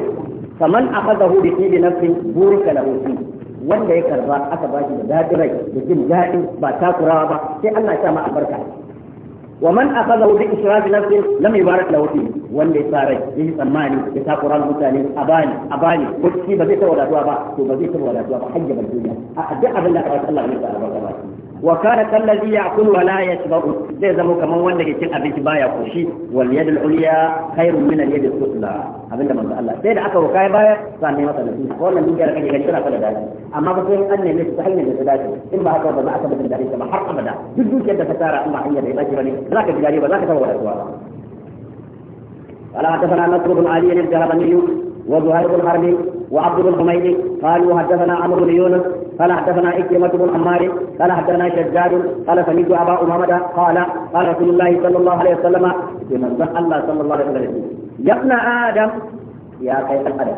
فمن أخذه بسيد نفسه بورك له فيه wanda ya karba aka ba shi da daɗin rai da jin daɗi ba takurawa ba sai Allah ya sa ma barka wa man akhadahu bi israfi nafsi lam yubarak lahu fi wanda ya tsare yi tsammani ya takura mutane abani abani ko shi ba zai tawadatuwa ba to ba zai tawadatuwa ba hajjaba duniya a duk abin da aka ba Allah ya ta albarka ba وكان الذي يأكل ولا يشبه لازم كما هو اللي يكون أبيت بايا كوشي واليد العليا خير من اليد السفلى هذا من قال الله سيد أكو كاي بايا فاني ما طلعت قول من جرى كذي كذي كذي كذي أما بقول أن ليس صحيح من الجدات إما أكو بما أكو من الجدات ما حق أبدا جد جد كذا فتارة أما هي اللي باجي بني راك الجدات ولا راك تبغى ولا تبغى ولا حدثنا نصر بن علي بن جهاد بن يوسف وزهير بن حرب وعبد بن حميد قالوا حدثنا عمرو بن يونس قال حدثنا إكرمة بن عمار قال حدثنا شداد قال سمعت أبا أمامة قال قال رسول الله صلى الله عليه وسلم الله صلى الله عليه وسلم يا ابن آدم يا خير الأدب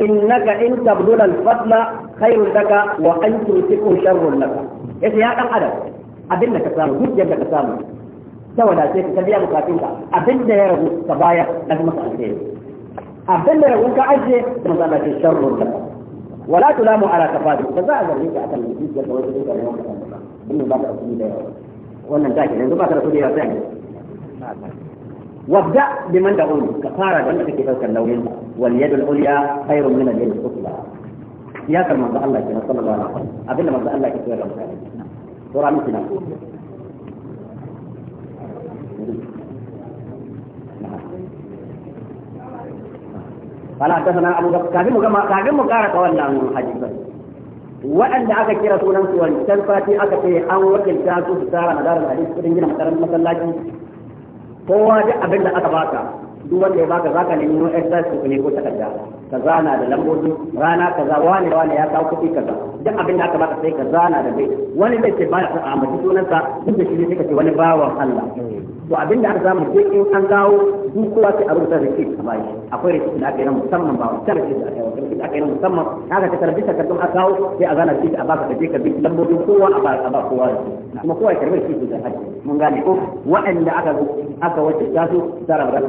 إنك إن تبذل الفضل خير لك وأن تمسكه شر لك إذا يا أدم أبن أبنك جد جد كسامه سوى لا شيء كبير مقاتلك أبنك يا رب الصبايا لك مسألة abin da rabon ka ajiye kuma za ka ce sharrun da wala tulamu ala tafadi ba za a zarge ka akan dukiyar da wani dukiyar da wani dukiyar ba ka da kuɗi da yawa wannan da ke yanzu ba ka da kuɗi da yawa sai وابدأ بمن تقول كفارة أنك كيف تلوين واليد العليا خير من اليد السفلى يا كما الله صلى الله عليه وسلم أبدا ما الله كيف تلوين سورة مثلا fala ta sanan abu kafin mu gama kafin mu kara kawan nan hadisan waɗanda aka kira sunan su wancan fati aka ce an wakilta su su tara madarar hadisi kudin gina makarantar masallaci ko da abin da aka baka duk wanda ya baka ka nemi wani ɗan ko takarda ka zana da lambobi rana kaza wane wane ya kawo kuɗi kaza duk abin da aka baka sai ka zana da kai wani da ke baya a ambaci sunansa duk da shi ne sai ka ce wani bawan Allah to abin da aka samu sai in an gawo duk kowa sai a rubuta da shi a bayi akwai rikici da aka yi na musamman ba wani da aka yi da aka yi na musamman haka ta karbi ta karbi a gawo sai a zana shi a baka ka je ka bi lambobin kowa a ba a ba kowa kuma kowa ya karbi shi da haji mun gane ko waɗanda aka aka wace ta su tsara ba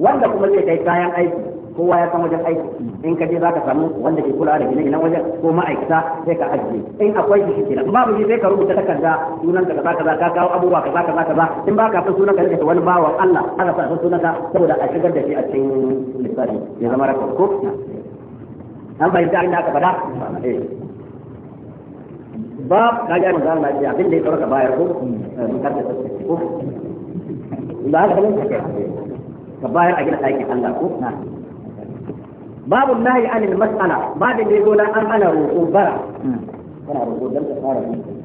wanda kuma zai kai kayan aiki kowa ya san wajen aiki in ka je za ka samu wanda ke kula da gine-ginen wajen ko ma'aikata sai ka ajiye in akwai shi kenan babu shi sai ka rubuta takarda sunan ka kaza kaza ka kawo abubuwa kaza kaza kaza in ba ka san sunan ka rike wani bawan Allah ana sa sunan ka saboda a shigar da shi a cikin lissafi ya zama raka ko an bai abin da aka faɗa eh. ba ka ga mun zama ji abin da ya tsoraka bayar ko eh, kar da ko ba ka ka bayar a gina aikin Allah ko باب النهي عن المسألة babin اللي يقول na أنا ana برا أنا kana لم dan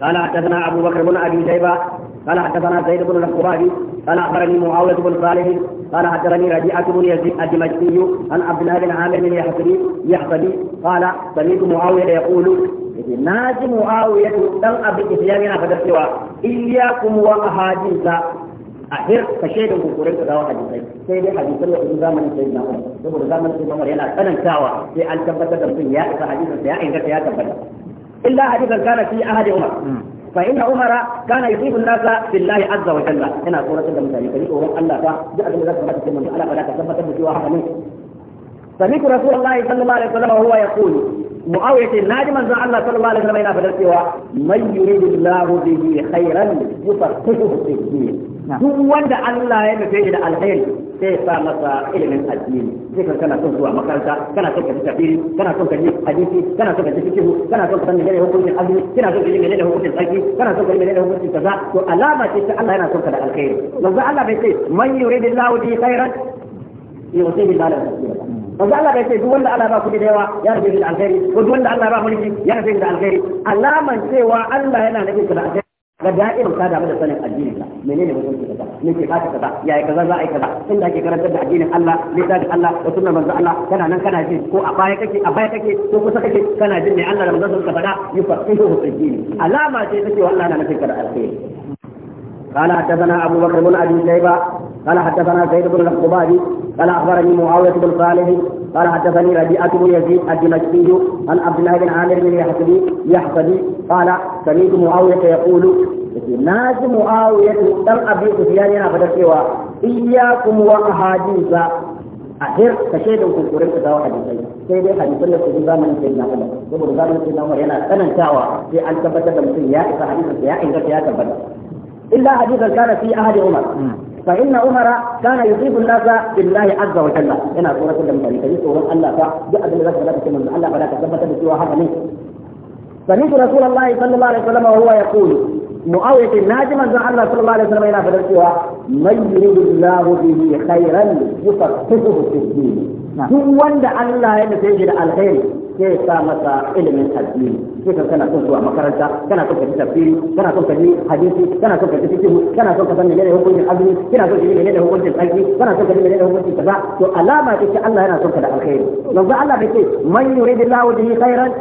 قال حدثنا ابو بكر بن ابي شيبه قال حدثنا زيد بن الخبابي قال اخبرني معاويه بن صالح قال حدثني ربيعه بن يزيد الدمشقي عن عبد الله بن عامر بن يحصبي يحصبي قال سمعت معاويه يقول ناجي معاويه دم ابي إسلامنا فدرسوا اياكم واحاديث ahir ka shaidan kokorin ka dawo hadisai sai dai hadisan da kuma zamanin sai na Umar saboda zamanin sai Umar yana tsanantawa sai an tabbatar da mutum ya isa hadisan ya inganta ya tabbata illa hadisan kana fi ahadi Umar fa inna Umar kana yusibu an-nasa billahi azza wa jalla yana tsoratar da mutane kai tsoron Allah fa duk abin da zaka faɗa cikin Allah ba ka tabbatar da cewa haka ne sami rasulullahi sallallahu alaihi wasallam huwa yaqulu معاوية الناجم أنزل الله صلى الله عليه وسلم إلى فدرسه من يريد الله به خيرا يفقهه في الدين duk wanda Allah ya nufe da alheri sai ya sa masa ilimin addini sai kan kana son zuwa makaranta kana son ka ji tafsiri kana son ka ji hadisi kana son ka ji fiqh kana son ka san menene hukuncin azumi kana son ka ji menene hukuncin tsaki kana son ka ji menene hukuncin kaza to alama ce ta Allah yana son ka da alheri manzo Allah bai ce man yuridillahu bi khairan yusibi lahu manzo Allah bai ce duk wanda Allah ba kudi da yawa ya rubuta alheri ko duk wanda Allah ba mulki ya rubuta alheri alaman cewa Allah yana nufin ka da alheri Ka ga da'ir ka damu da sanin addinin ka menene mutunci kaza me ke baka kaza yaya kaza za a yi kaza da ake karantar da addinin Allah littafin Allah da sunnar manzo Allah kana nan kana jin ko a baya kake a baya kake ko kusa kake kana jin ne Allah da manzo suka faɗa yufaqihu fi addini, alama ce take wallahi na nufin ka da alheri قال حدثنا ابو بكر بن ابي شيبه قال حدثنا زيد بن الخضابي قال اخبرني معاويه بن صالح قال حدثني ربيعه بن يزيد الدمشقي عن عبد الله بن عامر بن يحصدي يحصدي قال سمعت معاويه يقول ناس معاويه دم ابي سفيان انا بدات اياكم واحاديث أخير تشهد وكل قرية تتوى حديثي سيدي حديثي لك في من سيدنا عمر سبب من سيدنا عمر هنا سنن شعوى في أن تبتت من سياء فحديث السياء إذا سياء تبتت إلا حديثا كان في أهل عمر فإن عمر كان يصيب الناس بالله عز وجل هنا سورة المثالي كي سورة الله فجاء بالله فلا من الله فلا تثبت بسوى هذا منه سمعت رسول الله صلى الله عليه وسلم وهو يقول معاوية الناجم أن الله صلى الله عليه وسلم إلى فدرسها من يريد الله به خيرا يفقهه في الدين هو نعم. wanda الله ya الخير shi da علم الدين. sai kan kana son zuwa makaranta kana son ka ji tafsiri kana son ka ji hadisi kana son ka ji fiqh kana son ka san menene hukuncin azumi kana son ka ji menene hukuncin tsaki kana son ka ji menene hukuncin kaza to alama ce Allah yana son ka da alkhairi manzo Allah bai ce man yuridillahu bihi khairan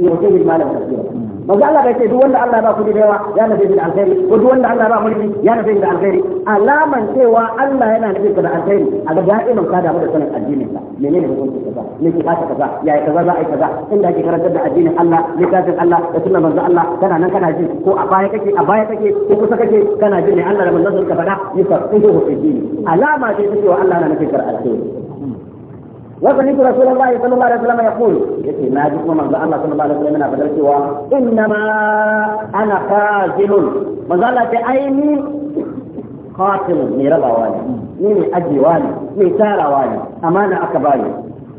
يعطيه المال والكثير manzo Allah bai ce duk wanda Allah ba kudi da yawa ya nufi da alkhairi ko duk wanda Allah ba mulki ya nufi da alkhairi alaman cewa Allah yana nufi da alkhairi a ga da'iman ka mu da sanin addinin ka menene hukunci kaza me ki fata kaza ya kaza za a yi kaza inda ake karantar da addinin Allah littafin Allah da sunan manzo Allah kana nan kana ji ko a baya kake a baya kake ko kusa kake kana ji ne Allah da manzo ka faɗa yusuf ko ko addini alama ce ta cewa Allah yana nufi da alkhairi وسمعت رسول الله صلى الله عليه وسلم يقول يتي ما جئت من الله صلى الله عليه وسلم من افضل سوى انما انا خازن من قال عيني قاتل من ربا والي من اجي والي من سارة والي امانة اكبالي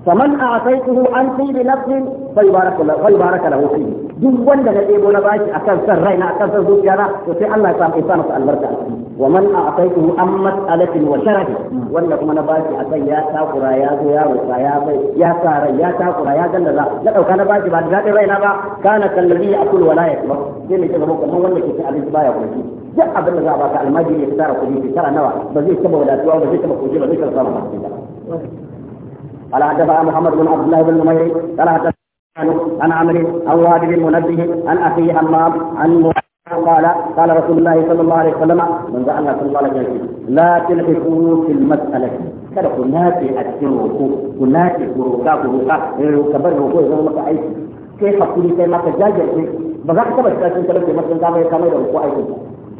فمن اعطيته عن طيب نفس فيبارك له ويبارك له فيه دو وين ده ايه بولا باي اكن سر رينا اكن سر دوك يارا وفي الله يسام انسان في البركة ومن اعطيته عن مسألة وشرك وين ده كمان باي اكن يا ساقرا يا زيا وسايا يا سارا يا ساقرا يا جنة ذا لا لو كان باي بعد ذات رينا با كان كالذي يأكل ولا يأكل جميع كده بوك مو وين ده كده عليك باي جاء ابن ذا باك المجي يختار في سارا نوا بزيه كبه ولا تواه بزيه كبه كذي بزيه كبه قال حدثنا محمد بن عبد الله بن نمير قال حدثنا عن عمرو عن واجب بن منبه عن اخيه حمام عن قال قال رسول الله صلى الله عليه وسلم من جعل الله صلى الله عليه لا تلحقوا في المسألة kada ku nace a cikin roko ku nace ku roka ku roka ka bar roko ya zama maka aiki kai hakuri kai maka jajirce ba za ka cikin masu ya kama da aikin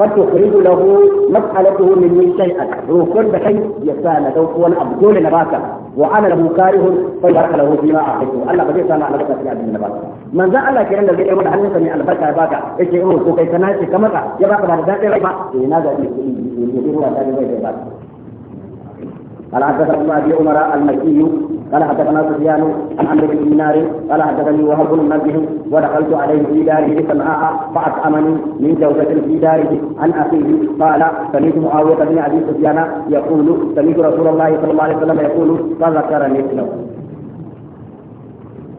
فتخرج له مسألته مني شيئا روكون بحي يسال له هو الأبدول نباتا وأنا له كاره فيبارك له فيما أعطيته ألا بدي سانا على بكا في أبي من ذا الله كيران الذي يقول أن يسمي البركة يباتا إيش يقول كيف كناسي كمتا يباتا بعد ذات ريبا إيه نادا يقول أن يباتا قال حدثنا الله بن عمر المكي قال حدثنا سفيان عن عمرو بن دينار قال حدثني وهب بن منبه ودخلت عليه في داره سمعاء فاطعمني من جوزة في داره عن اخيه قال سمعت معاويه بن ابي سفيان يقول سمعت رسول الله صلى الله عليه وسلم يقول فذكر مثله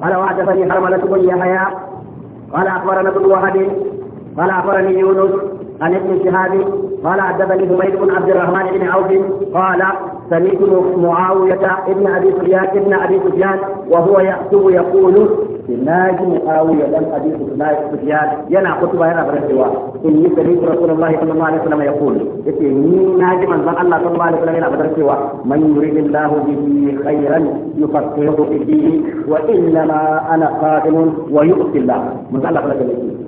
قال وحدثني حرملة بن يحيى قال اخبرنا بن وهب قال اخبرني يونس عن ابن شهاب قال حدثني حميد بن عبد الرحمن بن عوف قال سمعت معاوية ابن أبي سفيان ابن أبي سفيان وهو يكتب يقول سماج معاوية بن أبي سفيان ينا خطبة هنا بالسواء إني سمعت رسول الله صلى الله عليه وسلم يقول إني ناجي من ظن الله صلى الله عليه وسلم هنا بالسواء من يريد الله به خيرا يفقهه في الدين وإنما أنا قادم ويؤتي الله من ظن الله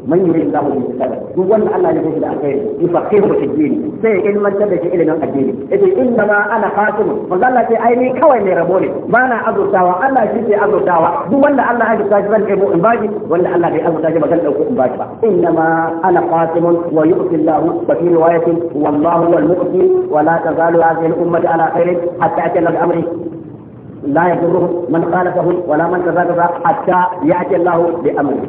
man yuri Allah bi sabr duk wanda Allah ya yi da alkhairi yufaqihu fi din sai ilmantar da shi ilimin addini yace inna ma ana qasim manzo Allah sai ai ni kawai mai rabo ne ba na azurtawa Allah shi ke azurtawa duk wanda Allah ya azurta shi zan kai in baji wanda Allah bai azurta shi ba zan dauko in baji ba inna ma ana qasim wa yu'ti Allah wa fi riwayatin wallahu wal mu'ti wa la tazalu hadhihi al ummati ala khairin hatta atana bi amri لا يضرهم من خالفهم ولا من تزاكف حتى يأتي الله بأمره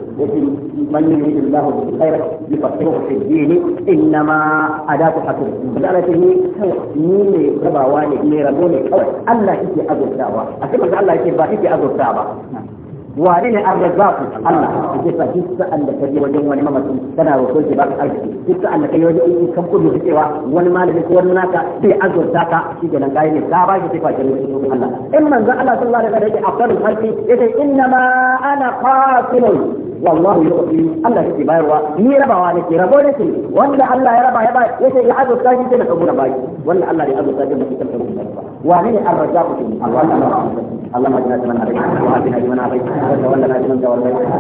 من يريد الله خيرا يفكره في الدين إنما أداة حكم مسألته مين ربا واني مين ربوني الله يكي أبو الدعوة أكيد الله يكي أبو الدعوة wane ne an razzaku Allah ke sa duk sa'an da kaje wajen wani mamacin kana roƙon shi baka arziki duk sa'an da kaje wajen in kan kudu cewa wani malami ko wani naka sai azurta ka shi kenan kai ne ka ba shi sifa kenan shi Allah in manzo Allah sallallahu alaihi wasallam yake afdalul khalqi yace inna ma ana qatilun wallahu yu'ti Allah yake bayarwa ni rabawa nake rabo nake wanda Allah ya raba ya ba yace ya azurta shi kenan ka gura baki wanda Allah ya azurta shi kenan ka gura baki wane ne an razzaku Allah Allah Allah ma jina tana alaihi wa alihi wa alihi وتول ما جنت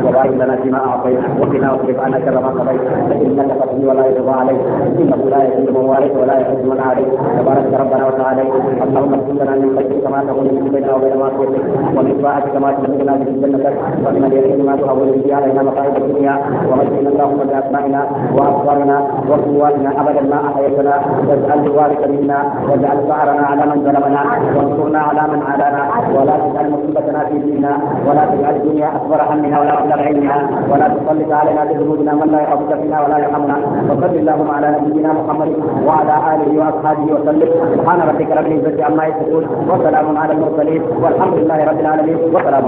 وبارك لنا فيما اعطيت وقنا واصرف عنا شر ما قضيت فانك تقضي ولا يرضى عليك انه لا يحب من واليت ولا يحب من عليك تبارك ربنا وتعالى اللهم اغفر لنا من خشيتك كما تقول من بيننا وبين معصيتك ومن طاعتك ما تبلغنا به جنتك ومن اليقين ما تهون به علينا مصائب الدنيا ومجدنا اللهم باسمائنا وابصارنا وقواتنا ابدا ما احييتنا واجعل الوارث منا واجعل ثارنا على من ظلمنا وانصرنا على من عادانا ولا تجعل مصيبتنا في ديننا ولا تجعل الدنيا اكبر همنا ولا اكبر علمنا ولا تسلط علينا بذنوبنا من لا يخافك فينا ولا يرحمنا وصل اللهم على نبينا محمد وعلى اله واصحابه وسلم سبحان ربك رب العزه عما يصفون وسلام على المرسلين والحمد لله رب العالمين وسلام